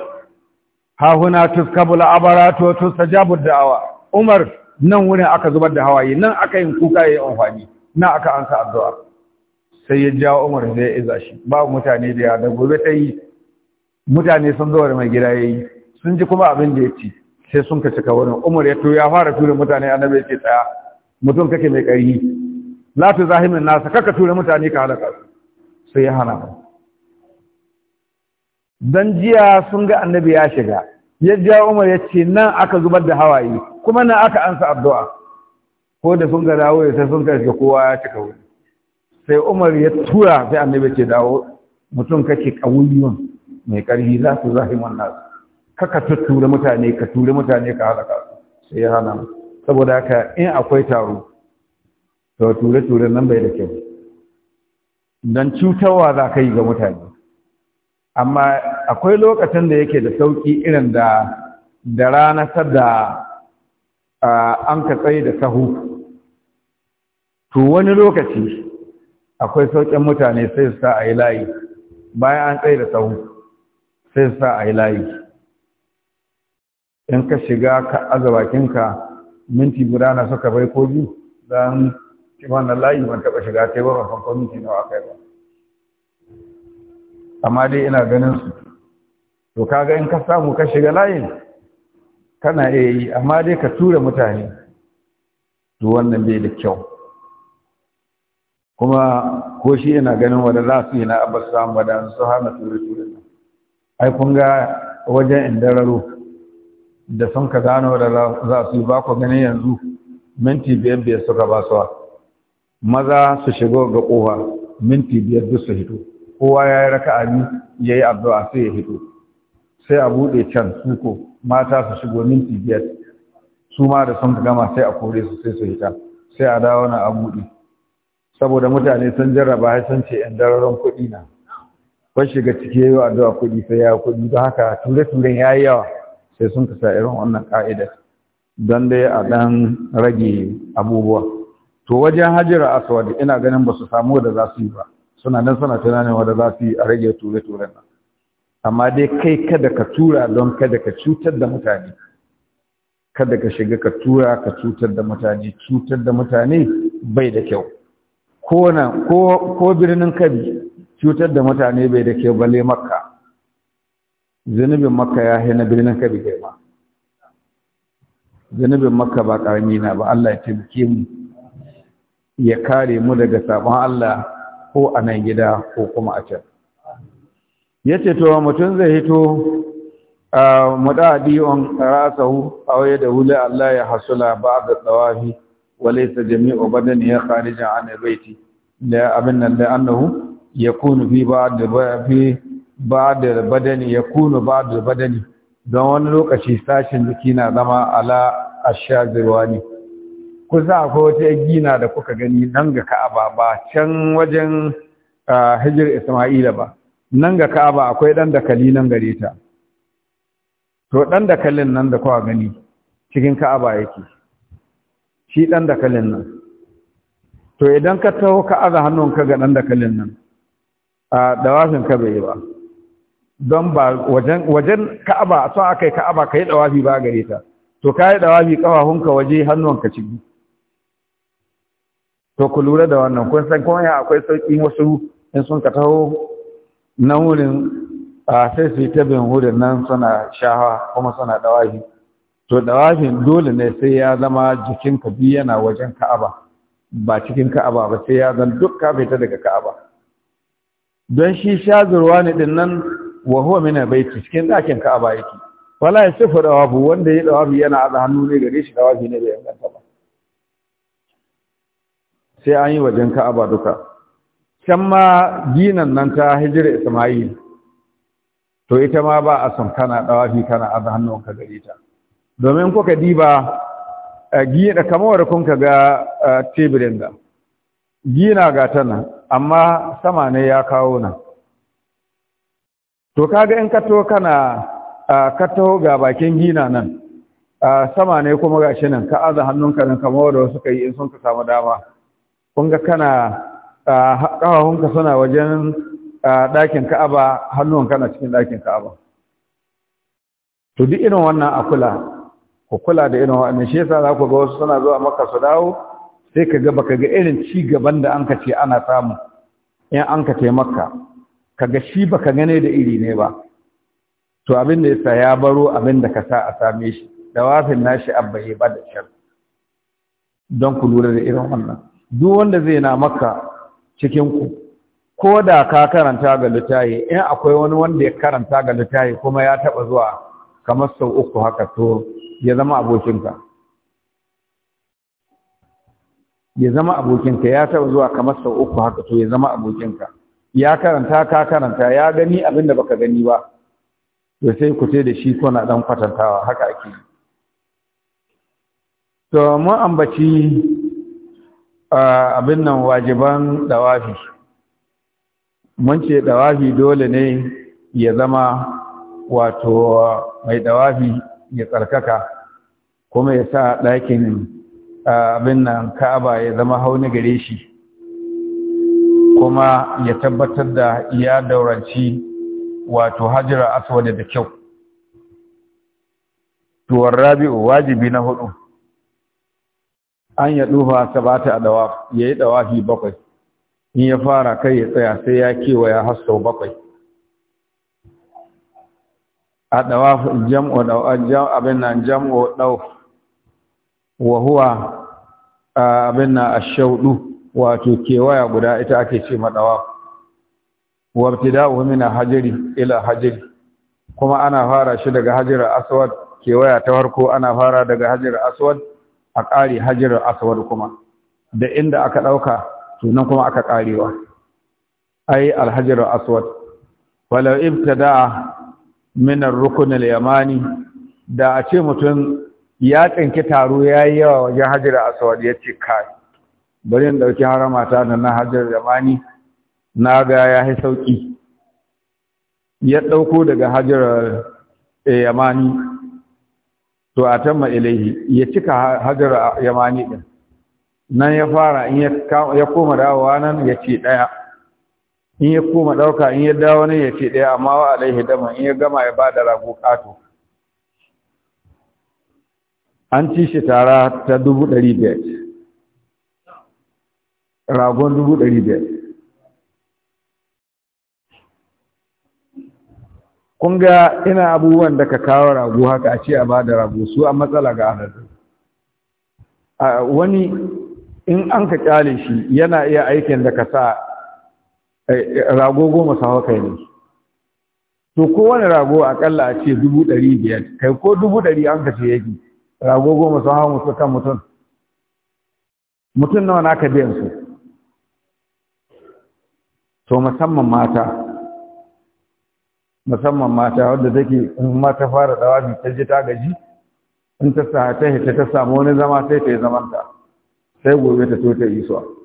hahuna tuskabula abarato tustajabu da'awa umar nan wurin aka zubar da hawaye nan aka yin kuka ya yi amfani nan aka ansa addu'a sai ya jawo umar sai ya iza shi babu mutane da ya da gobe ta yi mutane sun zo da mai gida ya yi sun ji kuma abin da ya ci sai sun ka cika wurin umar ya to ya fara tura mutane annabi nabe ce tsaya mutum kake mai ƙari la tu zahimin nasa kaka tura mutane ka halaka su sai ya hana mu dan jiya sun ga annabi ya shiga ya ja umar ya ce nan aka zubar da hawaye kuma nan aka ansa addu'a ko da sun ga dawo sai sun ka shiga kowa ya cika wurin sai umar ya tura sai annabi ce dawo mutum kake kawuyon mai karfi za su zahiman nasu kaka tuttura mutane ka tura mutane ka halaka sai ya hana saboda haka in akwai taro to ture-ture nan bai da kyau don cutarwa za ka yi ga mutane amma akwai lokacin da yake da sauƙi irin da da rana da an ka tsaye da sahu to wani lokaci akwai sauƙin mutane sai su sa a yi layi bayan an tsaye da tsawo sai su sa a yi layi in ka shiga ka aza bakinka minti guda na suka bai ko biyu don wannan layi ban taɓa shiga ta yi ba ban san minti nawa aka ba amma dai ina ganin su to kaga in ka samu ka shiga layin kana iya yi amma dai ka tura mutane to wannan bai da kyau kuma ko shi yana ganin wanda za su yi na abbas samu su hana ture ture ai kun ga wajen indararo da sun ka gano da za su yi ba ku ganin yanzu minti biyar biyar suka ba su maza su shigo ga kowa minti biyar duk su hito kowa ya yi raka ni ya yi addu'a sai ya hito sai a buɗe can suko mata su shigo minti biyar su ma da sun gama sai a kore su sai su hita sai a dawo na a buɗe saboda mutane sun jarraba har sun ce yan dararon kuɗi na ban shiga ciki yayi addu'a kuɗi sai ya kuɗi don haka ture ya yi yawa sai sun kasa irin wannan ka'ida don dai a ɗan rage abubuwa to wajen hajjira aswad ina ganin ba su samu da za su yi ba suna nan suna tunanin wanda za su yi a rage ture turen nan amma dai kai kada ka tura don kada ka cutar da mutane kada ka shiga ka tura ka cutar da mutane cutar da mutane bai da kyau ko ko birnin kabi cutar da mutane bai da ke balle makka zunubin makka ya yi na birnin kabi kai ma. zunubin makka ba karami na ba Allah ya taimake mu ya kare mu daga sabon Allah ko a nan gida ko kuma a can yace to mutum zai hito ah, mudadi on rasahu aw da wuli Allah ya hasula ba da tawafi وليس جميع بدنه خارجا عن البيت لا أبن لانه يكون في بعض في بعض البدن يكون بعض البدن don wani lokaci sashen jiki na zama ala ashazirwa ne kusa ko wata gina da kuka gani nan ga ka'aba ba can wajen hijir isma'ila ba nan ga ka'aba akwai dan dakali nan gare ta to dan dakalin nan da kuka gani cikin ka'aba yake shi ɗan dakalin nan to idan ka taho ka aza hannunka ga ɗan dakalin nan a dawafin ka bai yi ba don ba wajen wajen ka'aba son aka yi ka'aba ka yi dawafi ba gare ta to ka yi dawafi ƙafafunka waje hannunka ciki to ku lura da wannan kun san kuma ya akwai sauƙin wasu in sun ka taho na wurin a sai su yi ta bin wurin nan suna shawa kuma suna dawafi to dawafin dole ne sai ya zama jikin ka bi yana wajen ka'aba ba cikin ka'aba ba sai ya zan duk ka fita daga ka'aba don shi shazurwa ne din nan wa huwa min baiti cikin dakin ka'aba yake wala ya sifu dawabu wanda ya dawabi yana a hannu ne gare shi dawabi ne bai ganta ba sai an yi wajen ka'aba duka can ma dinan nan ta hijira isma'il to ita ma ba a son kana dawafi kana hannun hannunka gare ta domin kuka diba gina kamar da kun ga teburin ga gina ga ta nan amma sama ne ya kawo nan to kaga in kato kana kato ga bakin gina nan sama ne kuma ga shi nan ka aza hannunka nan kamar da wasu ka yi in sun ka samu dama kun ga kana ƙawahunka suna wajen ɗakin ka'aba hannunka na cikin ɗakin ka'aba to duk irin wannan akula ku kula da irin wa'annan shi yasa zaku ga wasu suna zuwa maka su dawo sai ka ga baka ga irin ci gaban da an ce ana samu in an ka maka kaga ga shi baka gane da iri ne ba to abin da yasa ya baro abin da ka sa a same shi da wafin nashi abba ya ba da shar don ku lura da irin wannan duk wanda zai na maka cikin ku ko da ka karanta ga littafi in akwai wani wanda ya karanta ga littafi kuma ya taba zuwa kamar sau uku haka to ya zama abokinka ya zama abokinka ya taɓa zuwa kamar sau uku haka to ya zama abokinka ya karanta ka karanta ya gani abin da baka gani ba to sai ku ce da shi kuna dan kwatantawa haka ake to mu ambaci abin nan wajiban dawafi mun ce dawafi dole ne ya zama wato mai dawafi ya tsarkaka kuma ya sa ɗakin abin nan ka'aba ya zama hauni gare shi kuma ya tabbatar da ya dauranci wato hajjira aswada da kyau tuwar rabi'u wajibi na hudu an ya dufa sabata a dawafi ya yi dawafi bakwai in ya fara kai ya tsaya sai ya kewaya har sau bakwai a ɗawafu jam'o abin nan jam'o ɗau wa huwa abin nan ashaudu wato kewaya guda ita ake ce ma ɗawafu wa ibtida'uhu min hajari ila hajari kuma ana fara shi daga hajar aswad kewaya ta farko ana fara daga hajar aswad a ƙari hajar aswad kuma da inda aka ɗauka tunan kuma aka karewa ai alhajar aswad walau ibtada'a minar rukunin yamani da a ce mutum ya tsinki taro ya yi yawa wajen hajjar aswad ya ce kai bari in ɗauki haramata da na hajjar yamani na ga ya yi sauƙi ya ɗauko daga hajjar eh, yamani to a tamma ilaihi ya cika hajjar yamani ɗin nan ya fara in ya koma dawowa nan ya ce ɗaya in ya koma ɗauka in ya dawo ne ya ce ɗaya amma wa alaihi dama in ya gama ya ba da rago ƙato an ci shi tara ta dubu ɗari biyar ragon dubu ɗari biyar kun ga ina abubuwan da ka kawo rago haka a ce a ba da rago su a matsala ga ahadu wani in an ka kyale shi yana iya aikin da ka sa Eh, rago goma sa kai ne. to kowane rago akalla a ce dubu ɗari biyar kai ko dubu ɗari an kace yake rago goma sun hawa musu kan mutum mutum nawa naka biyan su to musamman mata musamman mata wadda take in ma ta fara bi ta ji ta gaji in ta sa ta ta samu wani zama sai ta yi zamanta sai gobe ta to ta yi suwa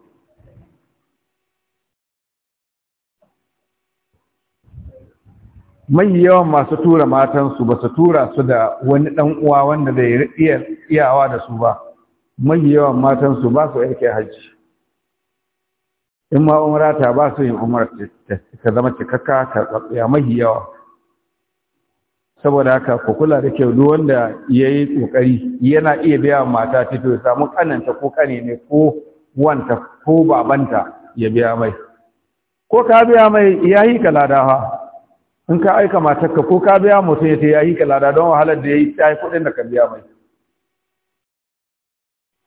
mai yawan masu tura matansu ba su tura su da wani ɗan uwa wanda bai iya iyawa da su ba mai yawan matansu ba su aiki hajji in ma umara ta ba su yin umar ta zama cikakka ta karɓaɓɓiya mai yawa saboda haka ku kula da kyau duk wanda ya yi kokari yana iya biya mata fito ya samu kananta ko kane ne ko wanta ko babanta ya biya mai ko ka biya mai ya yi in ka aika matarka ko ka biya mutum ya ce ya yi ka lada don wahalar da ya yi ta yi kuɗin da ka biya mai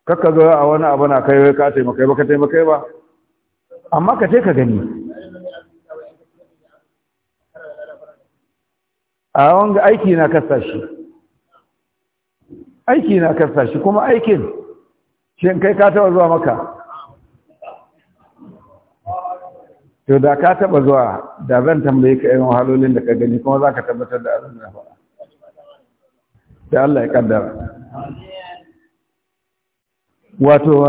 kakka zo a wani abu na kai wai ka taimakai ba ka taimakai ba amma ka ce ka gani a wanga aiki na kasa shi aiki na kasa shi kuma aikin shi kai ka taɓa zuwa maka to da ka taba zuwa da zan tambaye ka irin halolin da ka gani kuma za ka tabbatar da abin da faɗa da Allah ya kaddara wato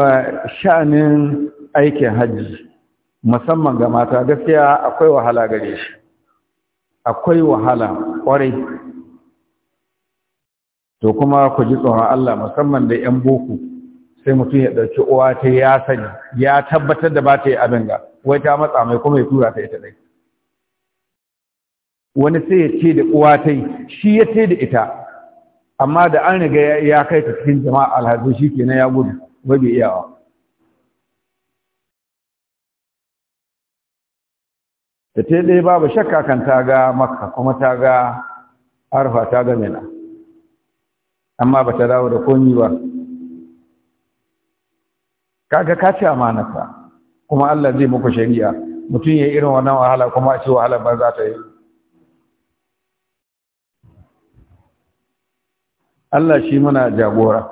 sha'anin aikin hajji musamman ga mata gaskiya akwai wahala gare shi akwai wahala kwarai to kuma ku ji tsoron Allah musamman da 'yan boko sai mutum ya ɗauki uwa ta ya sani ya tabbatar da ba ta yi abin ga wai ta matsa mai kuma ya tura ta ita dai wani sai ya ce da uwa ta yi shi ya ce da ita amma da an riga ya kai ta cikin jama'a alhazu shi kenan ya gudu wai bai iyawa da ta ɗaya babu shakka kan ta ga makka kuma ta ga arfa ta ga mina amma ba ta dawo da komi ba kaga ka ci amanarsa kuma Allah zai muku shari'a mutum ya irin wannan wahala kuma a ce wahala ba za ta yi Allah shi muna jagora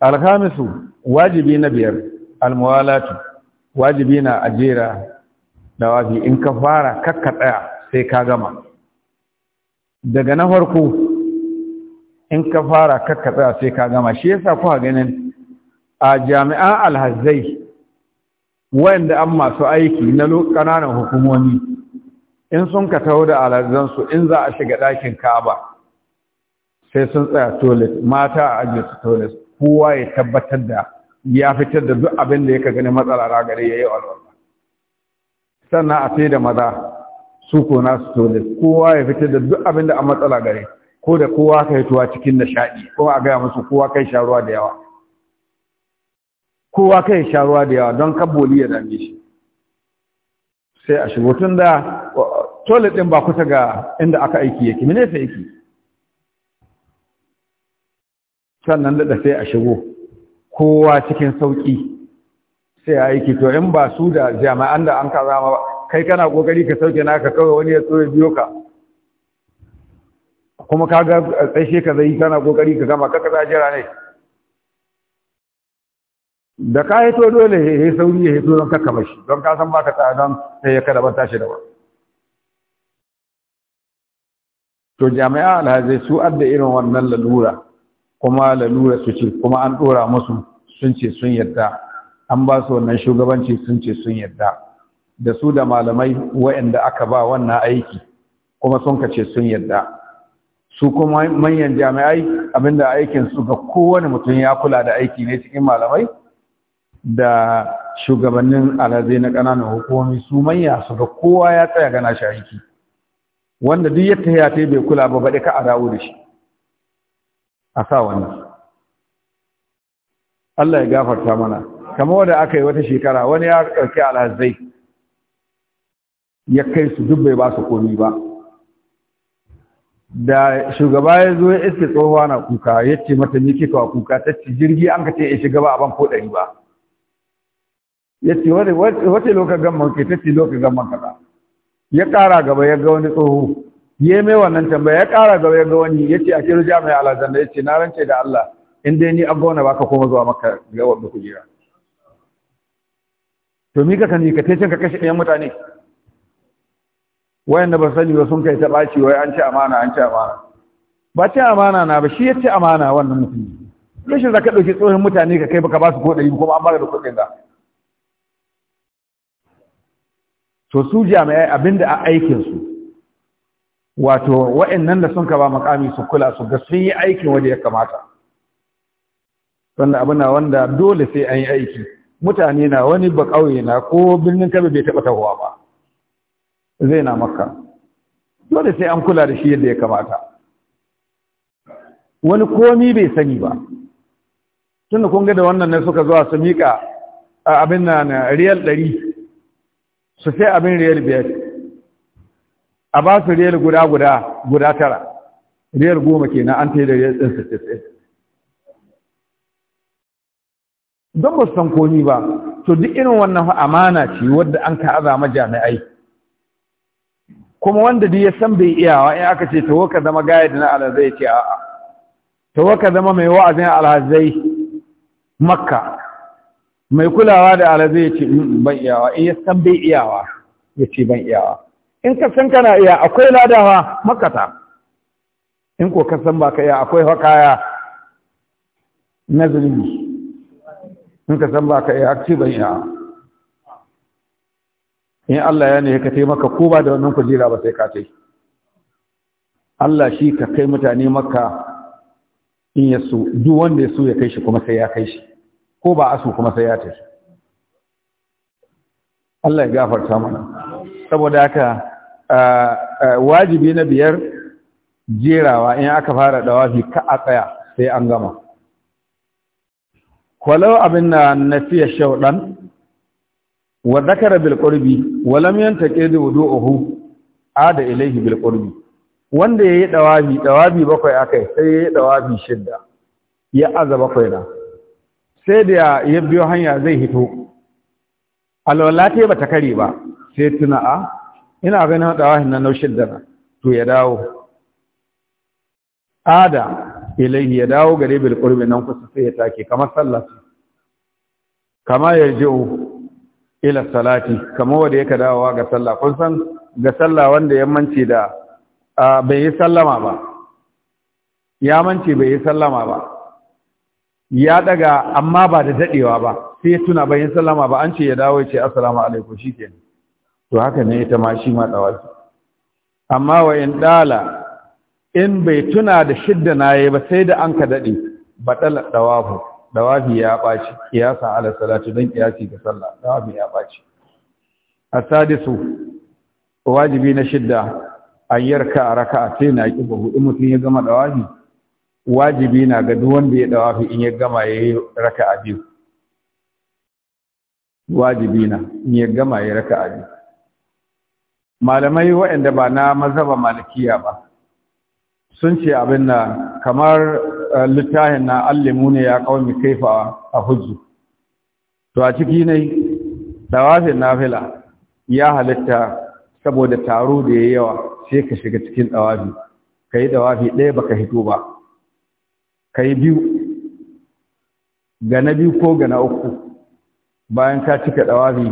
alhamisu wajibi na biyar almuwalatu wajibi na ajera da wafi in ka fara kakka tsaya sai ka gama daga na farko in ka fara kakka tsaya sai ka gama shi yasa kuka ganin a jami'an alhazai wanda an masu aiki na ƙananan hukumomi in sun ka taho da alazansu in za a shiga ɗakin kaba sai sun tsaya toilet mata a ajiye su toilet kowa ya tabbatar da ya fitar da duk abin da yake gani matsala na gare ya yi alwala sannan a sai da maza su ko nasu toilet kowa ya fitar da duk abin da a matsala gare ko da kowa ka yi tuwa cikin nishaɗi ko a gaya musu kowa kai sharuwa da yawa kowa kai sha ruwa da yawa don kaboli ya dame shi sai a shigo tun da toilet din ba kusa ga inda aka aiki yake mene sai yake sannan da sai a shigo kowa cikin sauƙi sai a aiki to in ba su da jami'an da an ka zama ba kai kana kokari ka sauke ka kawai wani ya so ya biyo ka kuma ka ga tsaishe ka zai kana kokari ka gama ka kaza jira ne da ka hito dole ya sauri ya hito don kakka shi don ka san baka ta don sai ya kada ban tashi da ba to jami'a alhazai su adda irin wannan lalura kuma lalura su ce kuma an dora musu sun ce sun yadda an ba su wannan shugabanci sun ce sun yadda da su da malamai waɗanda aka ba wannan aiki kuma sun kace sun yadda su kuma manyan jami'ai abinda aikin su ga kowane mutum ya kula da aiki ne cikin malamai da shugabannin alazai na ƙananan hukumomi su manya su ga kowa ya tsaya gana shi aiki wanda duk ya tahiya ta bai kula ba baɗi ka a dawo da shi a sa wannan Allah ya gafarta mana kamar wanda aka yi wata shekara wani ya ɗauki Alazai ya kai su duk bai ba su komi ba da shugaba ya zo ya iske tsohuwa na kuka ya ce mata ni kika wa kuka ta ce jirgi an ka ce ya shiga ba a ban ko ɗari ba ya ce wace lokacin gamman ke ta ce lokacin gamman kaza ya kara gaba ya ga wani tsoho ya mai wannan tambaya ya kara gaba ya ga wani ya ce a kiru jami'a mai alazanda ya ce na rance da Allah in dai ni an gauna ba ka koma zuwa maka ga wanda kujera to mi ka kani ka tecin ka kashe ɗayan mutane wayan da ba sani ba sun kai ta ɓaci wai an ci amana an ci amana ba ci amana na ba shi ya ci amana wannan mutum rashin za ka ɗauki tsohon mutane ka kai baka ba su ko ɗari kuma an ba da kuɗin da to su jami'ai abinda a aikinsu wato wa'annan da sun ba makami su kula su ga sun yi aikin wanda ya kamata wanda na wanda dole sai an yi aiki mutane na wani ba kauye na ko birnin kabe bai taɓa tahowa ba zai na makka dole sai an kula da shi yadda ya kamata wani komi bai sani ba tunda kun ga da wannan ne suka zuwa su miƙa abin na riyal ɗari su sai abin riyal biyar a ba su riyal guda guda guda tara riyal goma kenan an ta yi da riyal ɗin sittin don ba su san komi ba to duk irin wannan amana ce wadda an ka azama jami'ai kuma wanda duk ya san bai iyawa in aka ce ta waka zama gaya da na alhazai ce a'a ta waka zama mai wa'azin alhazai makka mai kulawa da alazi ya ce hmm, ban iyawa in ya san bai iyawa ya ce ban iyawa in ka san kana iya akwai ladawa makata in ko ka san ba ka iya akwai hakaya na zulmi in ka san ba ka iya ce ban iyawa in Allah ya ne ka maka ko ba da wannan kujera ba sai ka tai Allah shi ka kai mutane maka in ya so duk wanda ya so ya kai shi kuma sai ya kai shi ko ba asu kuma sai ya tashi. Allah ya gafarta mana saboda haka wajibi na biyar jerawa in aka fara wafi ka a tsaya sai an gama kwalau abin na nafiya shaudan wa zakara bil qurbi wa lam yantaqi wudu'uhu ada ilayhi bil qurbi wanda yayi ɗawabi, ɗawabi bakwai akai sai yayi ɗawabi shidda ya aza bakwai na sai da ya biyo hanya zai hito alwala ta ba ta kare ba sai tuna a ah, ina ganin dawahin na naushin da to ya dawo ada ilaihi ya dawo gare bil qurbi nan kusa sai ya take kamar sallah kama yarji'u ila salati kama wanda yake dawowa ga sallah kun san ga sallah wanda ya mance da ah, bai yi sallama ba ya mance bai yi sallama ba ya daga amma ba da dadewa ba sai ya tuna bayan sallama ba an ce ya dawo ya ce assalamu alaikum shikenan to haka ne ita ma shi ma dawaki amma wa in dala in bai tuna da shidda naye ba sai da an ka dade batal dawafu dawafi ya baci kiyasa ala salatu dan kiyasi ga sallah dawafi ya baci asadisu wajibi na shidda an yarka a raka'a sai na kiba hudu mutum ya gama dawafi wajibi na ga duk wanda ya dawafi in ya gama raka a biyu wajibi na in ya gama raka a biyu malamai waɗanda ba na mazhaba malikiya ba sun ce abin na kamar eh, littafin na allimu ne ya kawai kaifa a hujju to a ciki ne dawafin nafila ya halitta saboda taro da ya yawa sai ka shiga cikin dawafi ka yi dawafi ɗaya baka hito ba ka yi biyu ga na biyu ko ga na uku bayan ka cika ɗawafi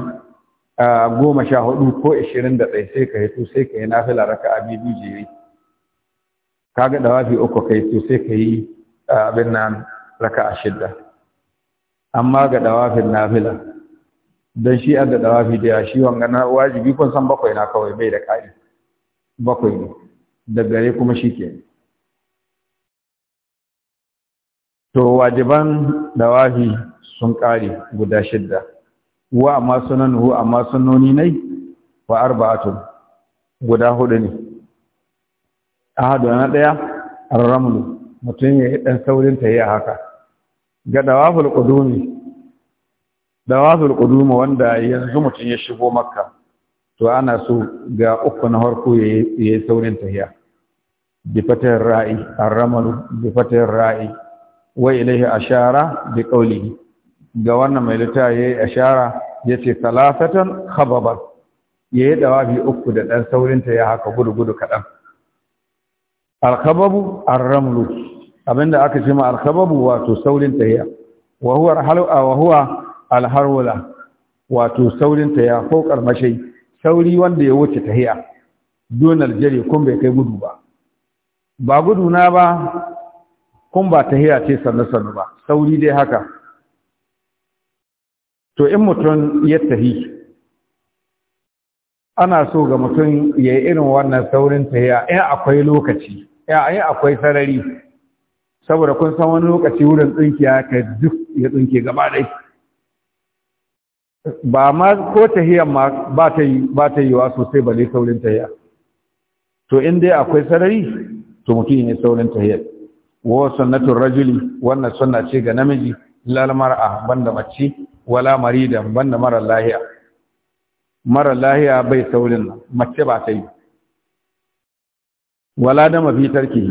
a goma sha hudu ko ashirin da ɗaya sai ka yi to sai ka yi nafila raka a biyu jere ka ga ɗawafi uku ka yi to sai ka yi abin nan raka a shidda amma ga ɗawafin nafila don shi an da ɗawafi da shi wanga na wajibi kun san bakwai na kawai bai da ƙari bakwai ne da gare kuma shi ke to wajiban dawahi sun kare guda shidda wa amma sunan hu amma sunoni ne wa arba'atu guda hudu ne ahadu na daya ar-ramlu mutum ya dan saurin ta yi haka ga dawaful qudumi dawaful qudumi wanda yanzu mutum ya shigo makka to ana so ga uku na harko ya yi saurin yi bi fatar ra'i ar-ramlu bi fatar ra'i wa ilaihi ashara bi qawlihi ga wannan mai littafi yayi ashara yace salasatan khababar yayi dawabi uku da dan saurinta ya haka gudu-gudu kadan al-khababu ar-ramlu abinda aka ce ma al-khababu wato saurin ya wa huwa al wa huwa al-harwala wato saurin ya fokar mashai sauri wanda ya wuce tahiya donal jari kun bai kai gudu ba ba gudu na ba kun ba tahiya ce sannu-sannu ba sauri dai haka to in mutum ya tahi ana so ga mutum ya yi irin wannan saurin tahiya in akwai lokaci in akwai sarari saboda kun san wani lokaci wurin tsinkiya ka duk ya tsinki gaba dai. ba ma ko hiya ma ba ta yi wa sosai ba ne saurin saurin tahiya to in dai akwai sarari to mutum ya saurin hiya. wa sunnatul rajuli wannan sunna ce ga namiji lal mar'a banda mace wala maridan banda mara lahiya mara lahiya bai saurin mace ba ta yi wala da mafi tarki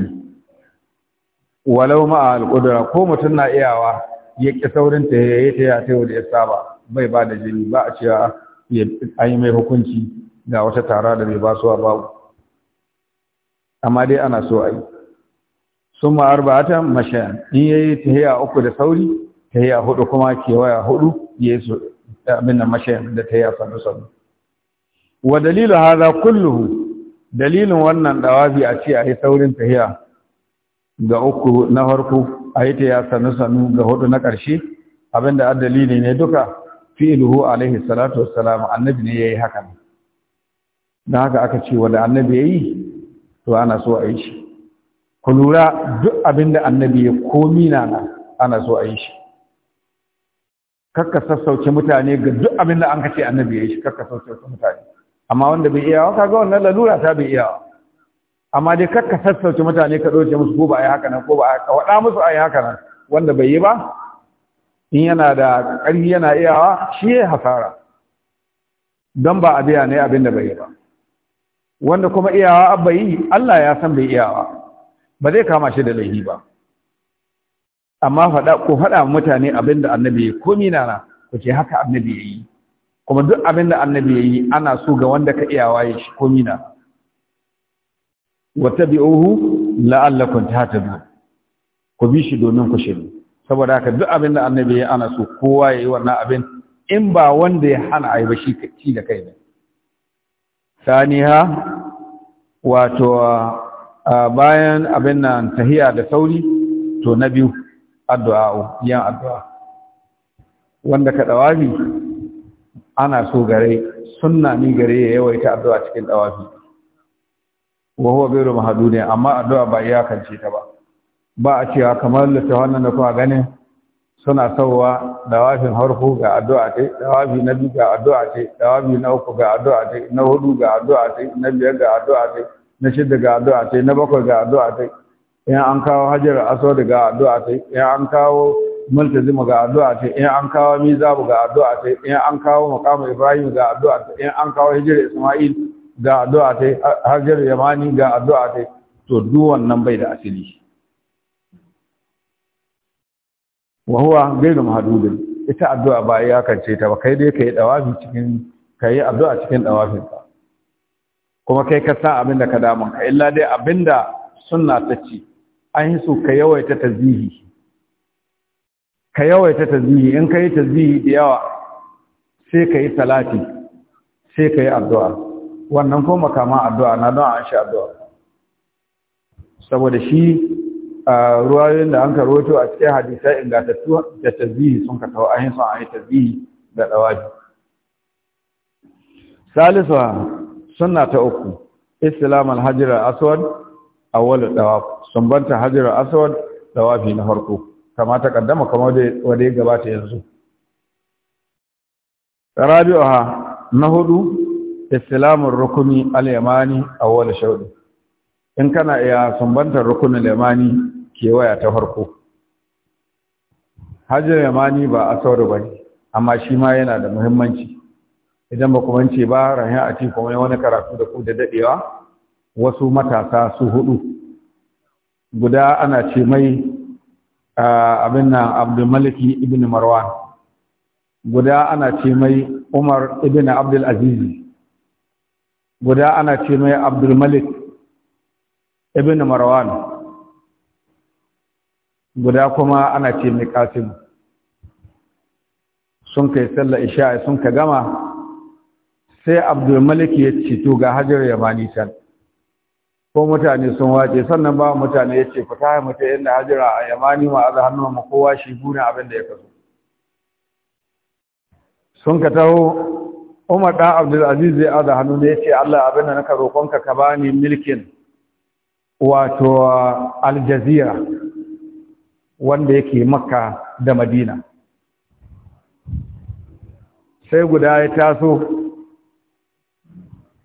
walau ma al-qudra ko mutun na iyawa ya yake saurin ta yayi ta ya ta da ya saba bai ba da jini ba a cewa ya yi mai hukunci ga wata tara da bai ba su ba amma dai ana so a yi sun ma arba'ata mashayan in yi tahiya uku da sauri tahiya hudu kuma kewaya hudu yi su abin da mashayan da tahiya sannu sannu wa dalilu haza kulluhu dalilin wannan dawafi a ce a yi saurin tahiya ga uku na farko yi tahiya sannu sannu ga hudu na ƙarshe. abinda dalili ne duka fi'luhu alaihi salatu wassalam annabi ne ya haka hakan Na haka aka ce wanda annabi ya yi? to ana so a yi shi ku lura duk abin da annabi ya komi na nan ana so a yi shi kakka sassauce mutane ga duk abin da an kace annabi ya yi shi kakka sassauce mutane amma wanda bai wa kaga wannan lalura ta bai iya amma dai kakka sassauce mutane ka doce musu ko ba a yi haka nan ko ba a ka waɗa musu a yi haka nan wanda bai yi ba in yana da ƙarfi yana iyawa shi ya hasara don ba a biya ne abin da bai yi ba wanda kuma iyawa abba yi Allah ya san bai iyawa ba zai kama shi da laifi ba amma faɗa ko faɗa mutane abin da annabi ya komi na na ko ce haka annabi ya yi kuma duk abin da annabi ya yi ana so ga wanda ka iya waye shi komi na wata bi'uhu la'allakum tahtadun ku bi shi domin ku shiru saboda haka duk abin da annabi ya ana so kowa ya yi wannan abin in ba wanda ya hana a yi ba shi ci da kai ne saniha wato bayan abin nan tahiya da sauri to na biyu addu'a yan addu'a wanda ka dawafi ana so gare sunna ni gare ya yawaita addu'a cikin dawafi wa huwa ghayru mahdudin amma addu'a ba iyakance ta ba ba a cewa kamar ta wannan da kuma ganin suna sauwa dawafin harfu ga addu'a ce dawafi na biyu ga addu'a ce dawafi na uku ga addu'a ce na hudu ga addu'a ce na biyar ga addu'a ce na shida ga addu'a ta na bakwai ga addu'a ta in an kawo hajar aso ga addu'a ta in an kawo multazim ga addu'a ta in an kawo mizab ga addu'a ta in an kawo maqam ibrahim ga addu'a ta in an kawo hajar isma'il ga addu'a ta hajar yamani ga addu'a ta to duk wannan bai da asili wa huwa ghayru mahdudin ita addu'a ba ya kance ta ba kai dai kai dawafi cikin kai addu'a cikin ka kuma kai ka sa abin da ka damun ka illa dai abin da sunna ta ce an yi so ka yawaita ta zihi ka yawaita ta zihi in ka yi zihi da yawa sai ka yi talati sai ka yi addu'a wannan ko makama addu'a na don an shi addu'a saboda shi a ruwayoyin da an karoto a cikin hadisa ingantattu da ta zihi sun ka kawo, tawo ayin sun ta zihi da ɗawaji Salisu. sunna ta uku islam al-hajar aswad awwal dawaf sumbanta hajar aswad dawafi na farko kama ta kaddama kama wanda ya gabata yanzu rabi'uha na hudu islamun rukuni al-yamani awwal shawdi in kana iya sumbantar rukunin yamani kewaya ta farko hajjar yamani ba a sauri bane amma shi ma yana da muhimmanci idan ba ku mance ba rahin a ci kuma wani karatu da ku da dadewa wasu matasa su hudu guda ana ce mai abin nan abdulmaliki ibn marwan guda ana ce mai umar ibn abdul guda ana ce mai abdulmalik ibn marwan guda kuma ana ce mai kasim sun kai sallar isha'i sun ka gama sai abdulmalik ya ce to ga hajar yamani can ko mutane sun wace sannan ba mutane ya ce fita ya mutu inda hajira a yamani ma azu hannu ma kowa shi guna abin da ya kaso sun ka taho umar ɗan abdulaziz zai azu hannu ne ya ce allah abin da naka roƙonka ka bani milkin wato aljazira wanda yake makka da madina sai guda ya taso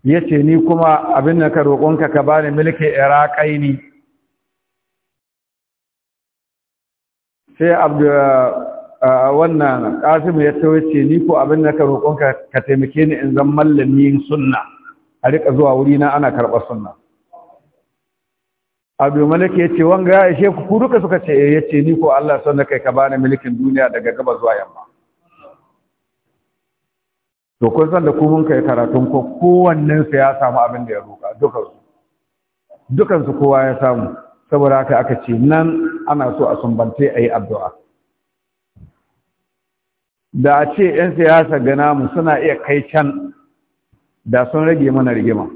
yace ni kuma abin da ka roƙonka ka bani iraƙai iraqaini sai abdu uh, uh, wannan ƙasimu ya ce yace ni ko abin da ka roƙonka ka taimake ni in zan mallamin sunna a rika zuwa wuri na ana karɓar sunna abdu ya yace wanga ya ishe ku duka suka ce eh, yace ni ko Allah sanna kai ka bani mulkin duniya daga gaba zuwa yamma to kun san da ku mun kai karatun ko kowannen su ya samu abin da ya roka dukan su kowa ya samu saboda haka aka ce nan ana so a sumbante ayi addu'a da a ce yan siyasa ga namu suna iya kai can da sun rage mana rigima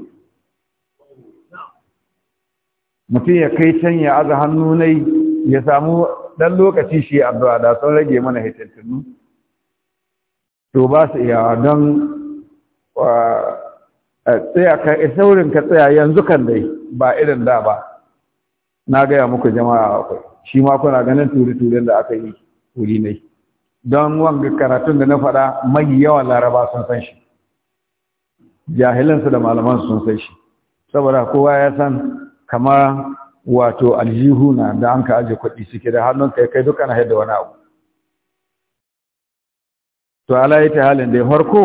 mutum ya kai can ya aza hannu nai ya samu dan lokaci shi addu'a da sun rage mana hitattunu to ba su iya don tsaya ka saurin ka tsaya yanzu kan dai ba irin da ba na gaya muku jama'a akwai shi ma kuna ganin turi-turin da aka yi turi ne don wanga karatun da na faɗa mai yawan laraba sun san shi Jahilinsu da malaman sun san shi saboda kowa ya san kamar wato Aljihuna da an ka aje kuɗi suke da hannun kai kai dukkan haida wani abu to ala ta halin da farko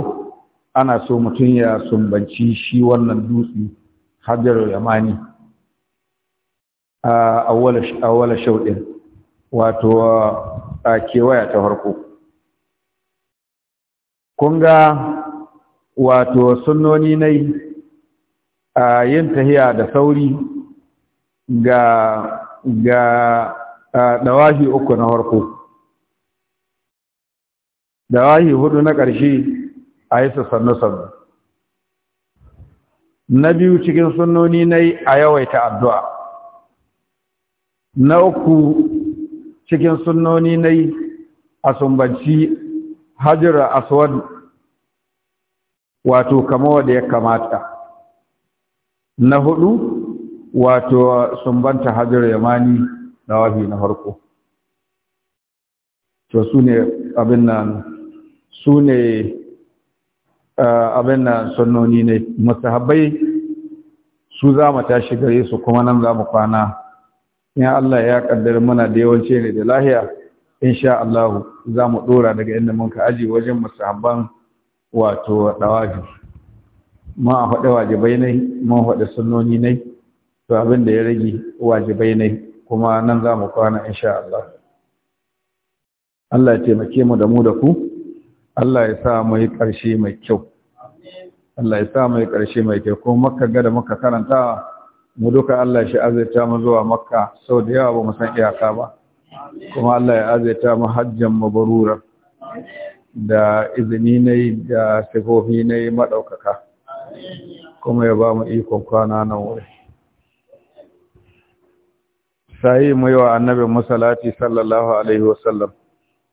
ana so mutum ya sumbanci shi wannan dutse hajjar yamani a awwala shauɗin wato a kewaya ta farko kun ga wato sunnoni na yin tahiya da sauri ga ga dawahi uku na farko da wahi hudu na ƙarshe a yi sannu-sannu na biyu cikin sunnoni na yi a yawaita addu'a na uku cikin sunnoni na yi a sumbanci hajjira aswad wato kama wadda ya kamata na hudu wato sumbanta hajjira yamani na wahi na harko to su ne abin nan su ne abin na sannoni ne habai su za mu tashi gare su kuma nan za mu kwana in Allah ya kaddar muna da yawanci ne da lahiya insha Allah za mu dora daga inda mun ka aji wajen musahabban wato dawaji ma a faɗi wajibai ne mun faɗi sannoni ne to abin da ya rage wajibai ne kuma nan za mu kwana insha Allah Allah ya taimake mu da mu da ku Allah ya sa mu yi ƙarshe mai kyau Allah ya sa mu yi ƙarshe mai kyau ko makka gada da muka karanta mu duka Allah shi azaita mu zuwa makka sau da yawa ba mu san iyaka ba kuma Allah ya azaita mu hajjan mabarura da izini na yi da sifofi na yi maɗaukaka kuma ya ba mu ikon kwana nan wuri sayi mu yi wa annabin masalati sallallahu alaihi wasallam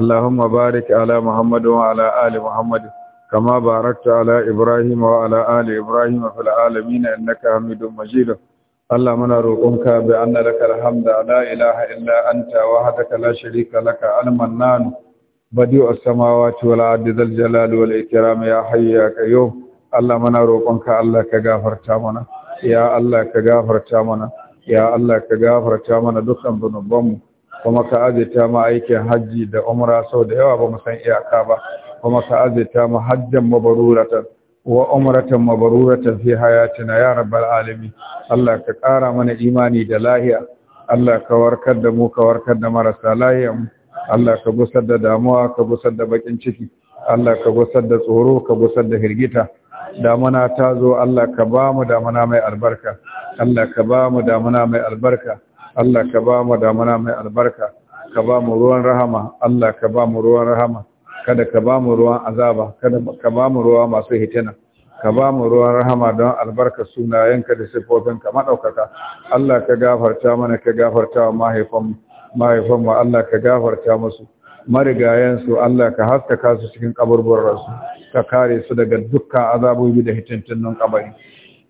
اللهم بارك على محمد وعلى آل محمد كما باركت على إبراهيم وعلى آل إبراهيم في العالمين إنك حميد مجيد اللهم نروقك بأن لك الحمد لا إله إلا أنت وحدك لا شريك لك المنان بديع السماوات والأرض ذا الجلال والإكرام يا حي يا قيوم اللهم نروقك الله كغفرت منا يا الله كغفرت منا يا الله كغفرت منا دكان ذنوبنا kuma ka azirta ma aikin hajji da umra sau da yawa ba musan san iyaka ba kuma ka azirta ma hajjan mabaruratan wa umratan mabaruratan fi hayatina ya rabbal alamin Allah ka ƙara mana imani da lahiya Allah ka warkar da mu ka warkar da marasa lahiyan Allah ka gusar da damuwa ka gusar da bakin ciki Allah ka gusar da tsoro ka gusar da hirgita damuna ta zo Allah ka ba mu damuna mai albarka Allah ka ba mu damuna mai albarka Allah ka ba mu damuna mai albarka ka ba mu ruwan rahama Allah ka ba mu ruwan rahama kada ka ba mu ruwan azaba kada ka ba mu ruwa masu hitina ka ba mu ruwan rahama don albarka sunayenka da siffofinka maɗaukaka Allah ka gafarta mana ka gafarta wa mahaifanmu Allah ka gafarta musu marigayensu Allah ka haskaka su cikin kaburburarsu ka kare su daga dukkan azabobi da hitintunan kabari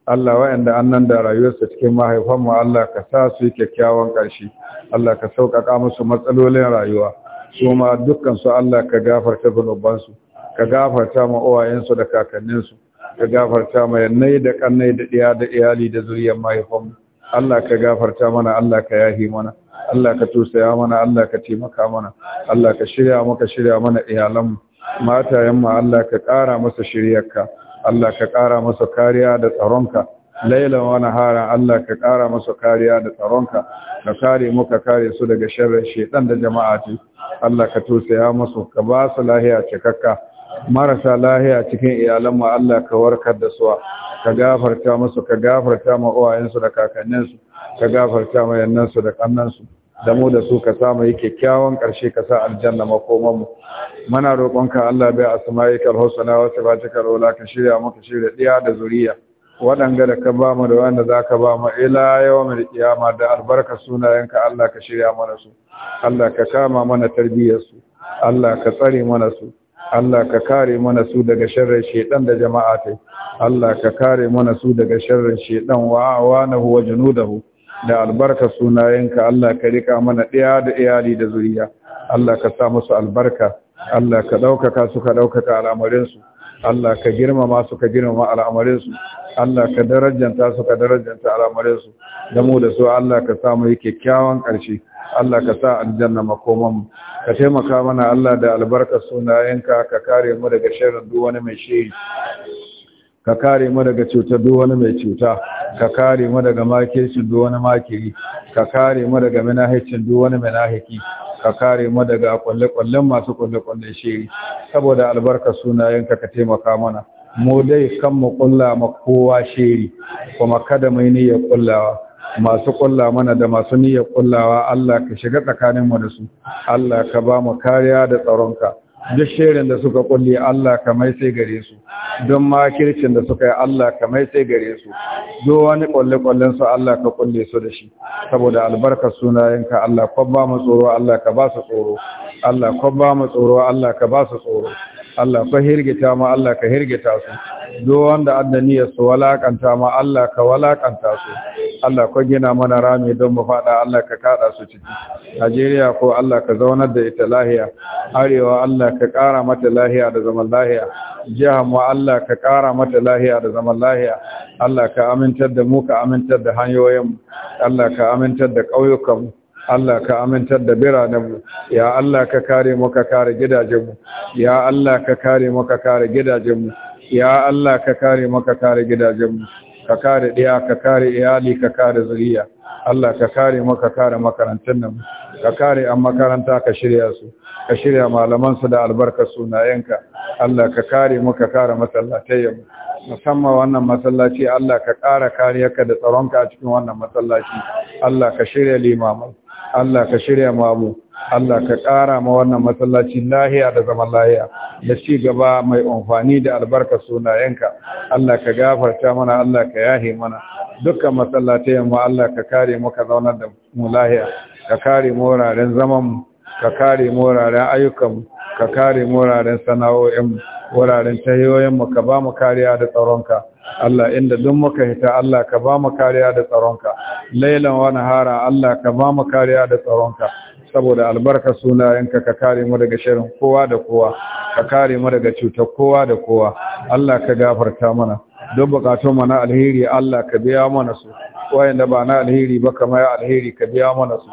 Allah wa'anda annan da rayuwarsa cikin mahaifanmu Allah ka sa su yi kyakkyawan ƙarshe Allah ka sauƙaƙa musu matsalolin rayuwa su ma dukkan su Allah ka gafarta su, ka gafarta ma su da kakanninsu ka gafarta ma yannai da kannai da iya da iyali da zuriyar mahaifanmu Allah ka gafarta mana Allah ka yahi mana Allah ka tusaya mana Allah ka taimaka mana Allah ka shirya maka shirya mana iyalanmu matayenmu Allah ka ƙara masa shiryarka Allah ka ƙara masa kariya da tsaronka laila wa nahara Allah ka ƙara masa kariya da tsaronka ka kare mu ka kare su daga sharrin shedan da jama'a Allah ka tosaya musu ka ba su lahiya cikakka marasa lahiya cikin iyalanmu Allah ka warkar da su ka gafarta musu ka gafarta ma uwayensu da kakanninsu ka gafarta ma yannansu da kannansu da mu da su ka samu yi kyakkyawan ƙarshe ka sa aljanna mu. muna roƙonka Allah bai asma'ika alhusna wa sifatika alula ka shirya muka shirya diya da zuriya waɗanga da ka ba mu da wanda za ka ba mu ila yawon kiyama da albarka sunayenka Allah ka shirya mana su Allah ka kama mana tarbiyyar su. Allah ka tsare mana su Allah ka kare mana su daga sharrin shedan da jama'a tai Allah ka kare mana su daga sharrin shedan wa wa na huwa junudahu da albarka sunayenka Allah ka rika mana ɗaya da iyali da zuriya Allah ka sa musu albarka Allah ka ɗaukaka su ka ɗaukaka al'amarinsu Allah ka girmama su ka girmama al'amarinsu Allah ka darajanta su ka darajanta al'amarinsu da mu da su Allah ka sa mu kyakkyawan ƙarshe Allah ka sa aljanna makoman ka taimaka mana Allah da albarkar sunayenka ka kare mu daga sharrin duk wani mai shiri ka kare mu daga cutar duk wani mai cuta ka kare mu daga makircin duk wani makiri ka kare mu daga minahicin duk wani minahiki ka kare mu daga kwalle-kwallen masu kwalle-kwallen shiri saboda albarka sunayenka ka taimaka mana mu dai kan mu kulla ma kowa shiri kuma kada mai niyyar kullawa masu kulla mana da masu niyyar kullawa Allah ka shiga tsakanin mu da su Allah ka ba mu kariya da tsaronka duk shirin da suka kulle Allah kamar sai gare su don makircin da suka yi Allah kamar sai gare su do wani kulle kullen su Allah ka kulle su da shi saboda albarka sunayenka Allah ko ba mu tsoro Allah ka ba su tsoro Allah ko ba mu tsoro Allah ka ba su tsoro Allah ka hirgita mu Allah ka hirgita su duk wanda addaniya su walakanta ma Allah ka walakanta su Allah ka gina mana rami don mu fada Allah ka kada su ciki Najeriya ko Allah ka zaunar da ita lahiya arewa Allah ka kara mata lahiya da zaman lahiya jiha mu Allah ka kara mata lahiya da zaman lahiya Allah ka amintar da mu ka amintar da hanyoyin Allah ka amintar da ƙauyukan mu Allah ka amintar da biranenmu, ya Allah ka kare mu ka kare gidajenmu, ya Allah ka kare mu ka kare gidajenmu, ya Allah ka kare maka kare gidajenmu ka kare ɗaya ka kare iyali ka kare zuriya Allah ka kare maka kare makarantun nan ka kare an makaranta ka shirya su ka shirya malaman su da albarkar sunayenka Allah ka kare maka kare masallatayyanmu musamman wannan masallaci Allah ka ƙara kariyarka da tsaronka a cikin wannan masallaci Allah ka shirya limamai Allah ka shirya mamu Allah ka ƙara ma wannan masallaci lahiya da zaman lahiya da ci gaba mai amfani da albarka sunayenka Allah ka gafarta mana Allah ka yahe mana dukkan masallatayen mu Allah ka kare mu ka zaunar da mu lahiya ka kare mu wuraren zaman ka kare mu wuraren ayyukan ka kare mu wuraren sana'o'in wuraren tahiyoyin mu ka ba mu kariya da tsaronka Allah inda duk muka hita Allah ka ba mu kariya da tsaronka lailan wa nahara Allah ka ba mu kariya da tsaronka saboda albarka suna yanka ka kare mu daga shirin kowa da kowa ka kare mu daga cutar kowa da kowa Allah ka gafarta mana don bukatun na alheri Allah ka biya mana su wayanda ba na alheri ba kamar ya alheri ka biya mana su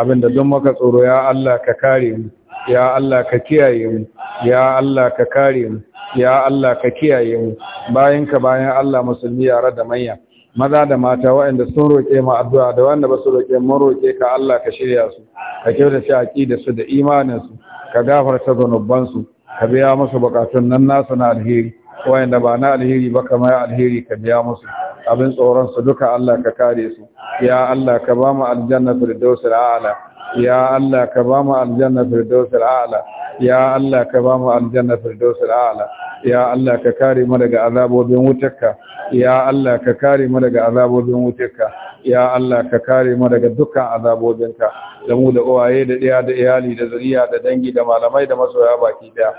abinda don maka tsoro ya Allah ka kare mu ya Allah ka kiyaye mu ya Allah ka kare mu ya Allah ka kiyaye mu bayan ka bayan Allah musulmi yare da manya maza da mata waɗanda sun roƙe mu addu'a da wanda ba su roƙe mu roƙe ka Allah ka shirya su ka kyauta shi aqida su da imanin su ka gafarta zanubban su ka biya musu bukatun nan nasu na alheri waɗanda ba na alheri ba kamar alheri ka biya musu abin tsoron su duka Allah ka kare su ya Allah ka ba mu aljanna firdaus al'ala ya Allah ka ba mu aljanna firdaus al'ala ya Allah ka ba mu aljanna firdaus al'ala ya Allah ka kare mu daga azabobin wutarka ya Allah ka kare mu daga azabobin wutarka ya Allah ka kare mu daga dukkan azabobinka da mu da uwaye da ɗaya da iyali da zuriya da dangi da malamai da masoya baki daya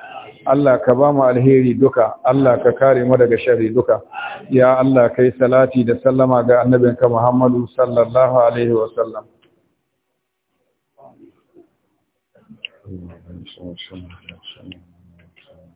Allah ka ba mu alheri duka Allah ka kare mu daga sharri duka ya Allah kai salati da sallama ga annabinka Muhammadu sallallahu alaihi wa sallam